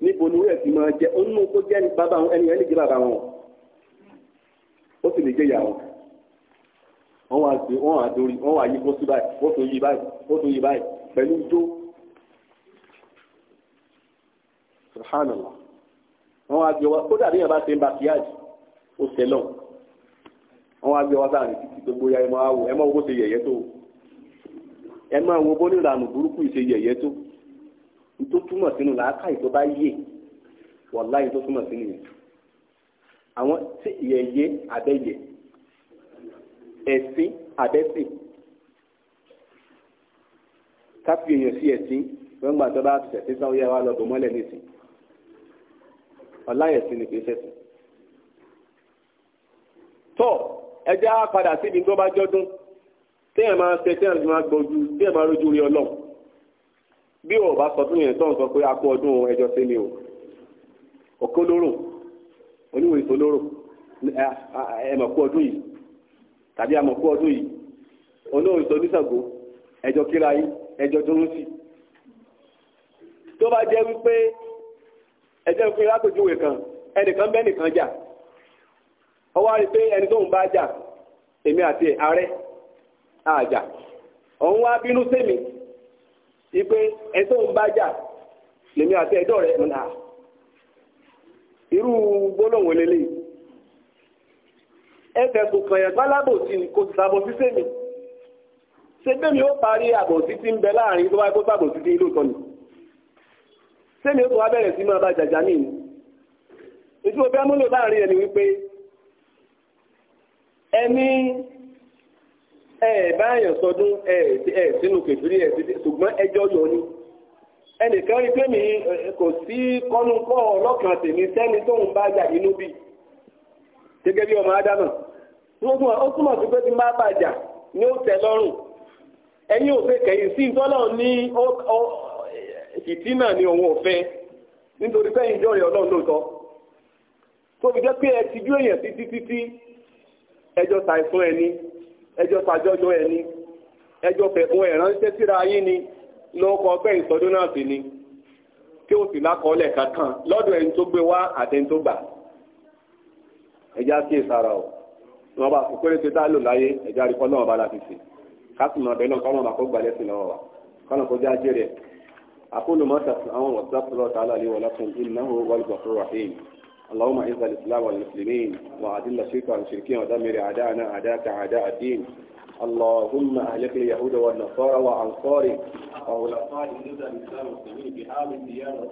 S1: níbo onírú ẹ̀ ti máa jẹ onínú kó jẹ́ bàbá wọn ẹni ẹni jẹ́ bàbá wọn ó sì lè jẹ́ ìyá wọn wọ́n wá dórí wọ́n wá yí kó sí báyìí ó tún yí báyìí pẹ̀lú jó subhanallah wọn wá gbé wa kó dàbí yàrá ṣe ń ba kíyàjì ó sẹlọ wọn wá gbé wa sáà ní títí gbogbo ya ẹ máa wò ẹ máa wo bó ṣe yẹ̀yẹ́ tó ẹ máa wo bó ní ìlànà burúkú ìṣe yẹ̀yẹ́ tó tó túmọ̀ sínú làákàyè tó bá yé wàláyé tó túmọ̀ sínú yẹn àwọn tí yẹ̀yẹ́ abẹ́yẹ ẹ̀sìn abẹ́sìn káfíńyàn sí ẹ̀sìn wọ́n gbà tó ṣẹ̀sìn sáwọ́ yẹ wa lọ́dọ̀ mọ́lẹ̀ nísìnyí ọláyẹsí ni kìí ṣẹ̀sìn. tọ́ ẹja padà síbi tó bá jọ́dún téèyàn máa ṣe téèyàn máa gbọ́jú téèyàn máa rojú rí ọlọ́run bí o bá sọ fún yẹn tó ń sọ pé a kú ọdún ẹjọ sí ni o òkú lóró oníwèé tó lóró ẹ mọ̀ kú ọdún yìí tàbí a mọ̀ kú ọdún yìí olóòwe tó nísàgó ẹjọ kíra yìí ẹjọ tó ń tó bá jẹ́ wípé ẹ̀jẹ̀ fún ilápèjúwe kan ẹnìkan bẹ́ẹ̀ nìkan jà ọwọ́ àrí pé ẹni tó ń bá jà èmi àti ààrẹ àjà òun wá bínú sẹ́mi ipe ẹni tó ń bá jà lèmi àti ẹ̀dọ́ rẹ̀ nà irú gbólóhùn lélẹ́yìí ẹ̀fẹ̀sùn kànyàn gbálábò sí ni kò sì sàbòsí sẹ́mi ṣe bẹ́ẹ̀ mi ó parí àbòsí tí ń bẹ láàrin tó wáyé kó sàbòsí sí ilé ìtọ́ni. sẹ́mi ó tó wá bẹ̀rẹ̀ sí máa bá jàjà mí ní tí mo múlò láàrin ẹni wípé ẹni ẹ sọdún ẹ sínú kẹfìrí ẹ ṣùgbọ́n ẹjọ́ yọ ni ẹnìkan rí pé mi kò sí kọ́nùkọ́ ọlọ́kan tèmi sẹ́ni tó ń bá jà inú bì gẹ́gẹ́ bí ọmọ ádámà ó túmọ̀ sí pé tí má bàjà ni ó tẹ́ lọ́rùn ẹ̀yin ò fẹ́ kẹ̀yìn sí ìtọ́lọ́ ní fìtínà ni òun ò fẹ́ nítorí pé ìjọ rẹ̀ ọlọ́run lóòótọ́ tó fi jẹ́ pé ẹ ti dú èèyàn títí títí ẹjọ́ ṣàìsùn ẹni ẹjọ́ ṣàjọjọ ẹni ẹjọ́ fẹ̀kún ẹ̀ ránṣẹ́ síra yín ni lọ́kọ̀ ọgbẹ́ ìsọdún náà sì ni kí o sì lákọọ́lẹ̀ kankan lọ́dọ̀ ẹni tó gbé wá àtẹni tó gbà ẹjá sí ìsara o wọn bá fún péréte tá a lò láyé ẹjá rí kọ́ náà bá la fi sè ká sì mọ̀ ọ́ bẹ́ẹ̀ náà kọ́ mọ̀ bá kó gbalẹ̀ sí lọ́wọ́ wa kọ́ náà kó já jẹ́rẹ̀ أقول ما تسمعون واستغفر الله تعالى لي ولكم إنه هو الغفور الرحيم اللهم اعز الإسلام والمسلمين وأذل الشرك والمشركين ودمر أعداءنا أعداءك أعداء الدين اللهم أهلك اليهود والنصارى وأنصارهم وأولئك الإسلام والمسلمين بهذه الديانة